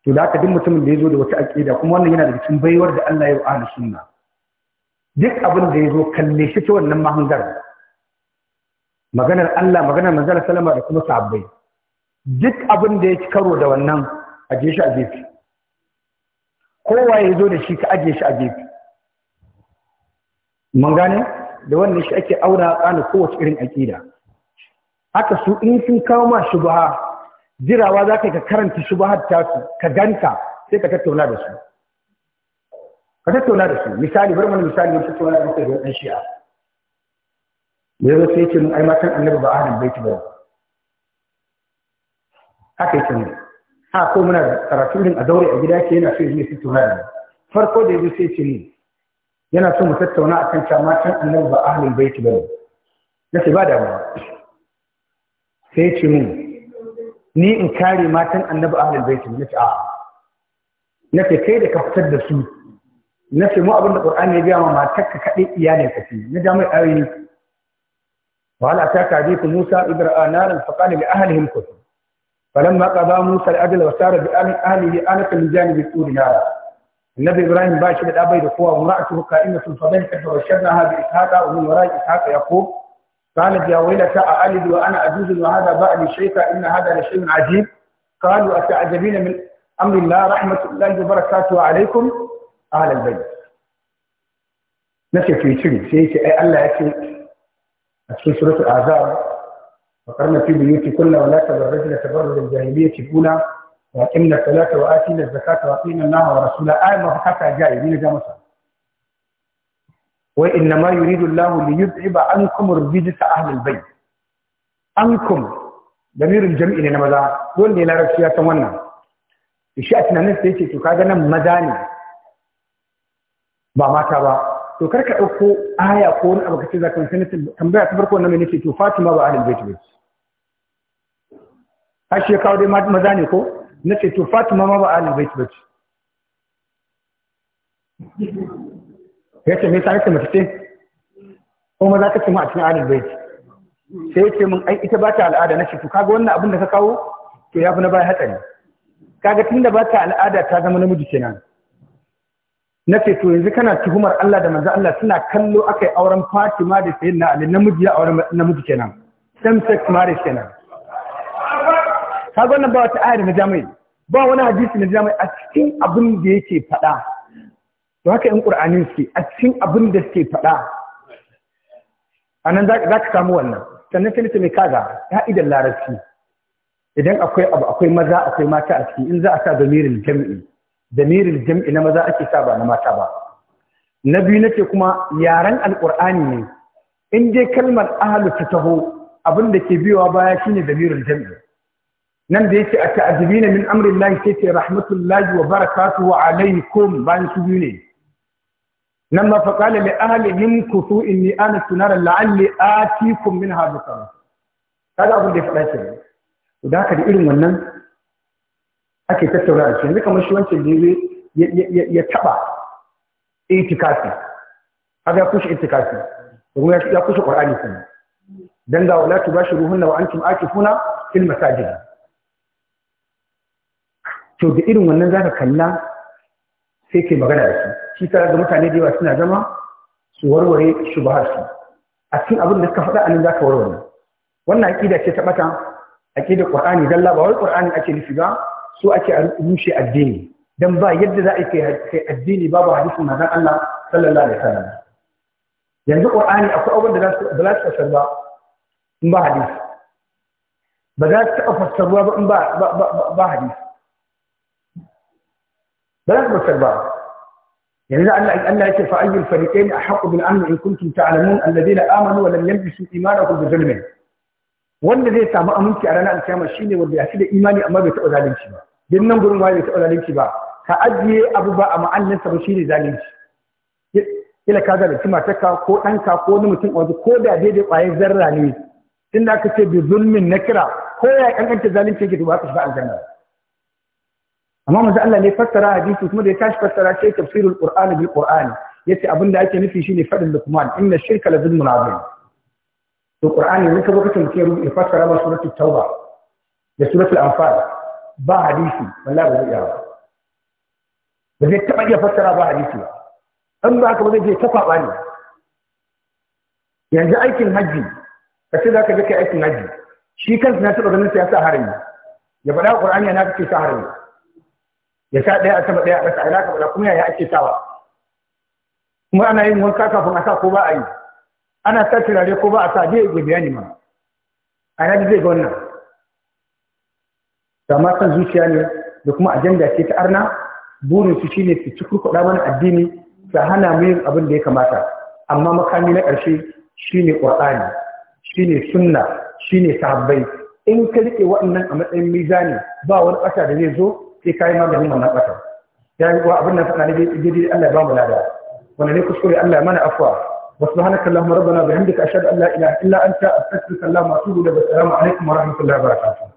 to da haka duk mutumin da ya zo da wata aƙida kuma wannan yana da cikin baiwar da Allah ya yi ahlus sunna duk abin da ya zo kalle shi ta wannan mahangar maganar Allah maganar manzo sallama da kuma sahabbai duk abin da ya ci karo da wannan a je shi a gefe kowa ya zo da shi ka ajiye shi a gefe mun gane da wannan shi ake a tsana kowace irin aƙida haka su in sun kawo ma shubaha jirawa za ka karanta shubahar tasu ka ganta sai ka tattauna da su ka tattauna da su misali bari mana misali ne tattauna da su da shi'a da yanzu sai ce mun ai matan annabi ba a hannun baiti ba haka yake ne a ko muna karatu din a daure a gida ke yana so ya tattauna da farko da yake sai ce ni yana so mu tattauna akan cewa matan annabi ba ahlul bait bane nace ba damuwa sai ce mu ni in kare matan annabi ahlul bait nace a ce kai da ka fitar da su ce mu abinda qur'ani ya gaya ma ka kadai iyalin ka ce na ja mai ayoyi wa ala ta ka ji ku musa ibra'a narin faqala li ahlihim kutu فلما قضى موسى الأجل وسار بأهله آنف لجانب سور نارا النبي إبراهيم باشر الأبي قوى ومرأته قائمة فضحكت فرشدناها بإسحاق ومن وراء إسحاق يقول قالت يا ويلتا أألد وأنا أجوز وهذا بأني شيخا إن هذا لشيء عجيب قالوا أتعجبين من أمر الله رحمة الله وبركاته عليكم أهل البيت نسيت في شيء شيء أي الله يكفي في سورة الأعذار وقرنا في بيوتكن ولا تبرجن تبرج الجاهلية الأولى وأتمنا الصلاة وآتينا الزكاة وأطيعنا الله ورسوله آية ما حتى جاي من جامعة وإنما يريد الله ليذعب عنكم رجس أهل البيت عنكم ضمير الجميع إلى مدى قل لي لا رسيا تمنى إشاءتنا نسيتي تكادنا مداني ba mata ba to karka dauko aya ko wani abu kace zaka sanin kan baya tabar ko wannan har shi kawo dai maza ne ko na ce to fatima ma ba alil bait bace ya ce me yasa ka mace ce ko za ka ce ma a cikin bai bait sai ya ce min ai ita ba ta al'ada na ce to kaga wannan abin da ka kawo to ya fi na baya hatsari kaga tunda ba ta al'ada ta zama namiji kenan na ce to yanzu kana tuhumar Allah da manzo Allah suna kallo akai auren Fatima da Sayyidina Ali namiji ya auren namiji kenan same sex marriage kenan ga wannan ba wata aya da na jami'i ba wani hadisi na jami'i a cikin abin da yake faɗa to haka in ƙur'anin suke a cikin abin da suke faɗa nan za ka samu wannan sannan sai nita mai kaga idan larabci idan akwai abu akwai maza akwai mata a ciki in za a sa damirin jam'i damirin jam'i na maza ake sa ba na mata ba na biyu nace kuma yaren alƙur'ani ne in dai kalmar ahlu ta taho abin da ke biyowa baya shine damirin jam'i nan da yake a ta'ajibina min amrillahi sai ce rahmatullahi wa barakatuhu alaikum bayan su biyu ne nan ma faƙala li ahli yumkutu inni anastu nara la'alli atikum min habisara kaga abin da ya faɗa ke to da haka da irin wannan ake tattauna a cikin kamar shi wancan da ya taɓa itikafi kaga ya kushe itikafi kuma ya kushe qur'ani kuma dan ga wala tubashiruhunna wa antum akifuna fil masajid to da irin wannan zaka kalla sai kai magana da su shi ta ga mutane da yawa suna zama su warware shubahar su a cikin abin da suka faɗa nan zaka warware wannan aqida ce ta bata aqida qur'ani dalla ba wai qur'ani ake nufi ba so ake rushe addini dan ba yadda za a kai addini babu hadisin manzon Allah sallallahu alaihi wasallam yanzu qur'ani akwai abin da za su fassara ba in ba hadisi ba za su taɓa fassarwa ba in ba hadisi ba za basar ba yanzu Allah yake fa ayyul fariqayn ahqqu bil amn in kuntum ta'lamun alladheena amanu wa lam yalbisu imanahum bi zulmin wanda zai samu aminci a ranar alkiyama shine wanda ya fi da imani amma bai taɓa zalunci ba din nan gurin bai taɓa zalunci ba ka ajiye abu ba a ma'annin sa ba shine zalunci kila ka zalunci matarka ko ɗanka ko wani mutum waje ko da daidai ƙwayar zarra ne tun da aka ce bi zulmin na kira ko ya ƙanƙanta zalunci yake to ba ka shiga aljanna amma manzo Allah ne fassara hadisi kuma da ya tashi fassara sai tafsirul qur'ani bil qur'ani yace abin da ake nufi shine fadin luqman inna shirka la zulmun azim to qur'ani ne kaga kace mutum ya fassara ma suratul tauba da suratul anfal ba hadisi wallahi ba zai iya ba zai taba iya fassara ba hadisi ba an ba ka ba zai je ta kwaba ne yanzu aikin haji za ka je kai aikin haji shi kansa na taba ganin sa ya sa harami ya faɗa qur'ani na kace sa harami ya sa ɗaya a sama ɗaya a ƙasa ina ka faɗa kuma yaya ake sawa kuma ana yin wanka kafin a sa ko ba a yi ana sa turare ko ba a sa zai ga bayani ma a yadda zai ga wannan amma san zuciya ne da kuma ajanda ce ta arna burin su shine su ci kurkuɗa mana addini su hana mu yin abin da ya kamata amma makami na ƙarshe shine shi shine sunna shine sahabbai in ka riƙe waɗannan a matsayin mizani ba wani ƙasa da zai zo sai ma maganin wannan bata ya yi abin nan faɗa ne daidai Allah ya ba mu lada wanda ne kuskure Allah ya mana afwa wa subhanaka allahumma rabbana bihamdika ashhadu an la ilaha illa anta astaghfiruka wa atubu ilayk assalamu alaikum wa rahmatullahi wa barakatuh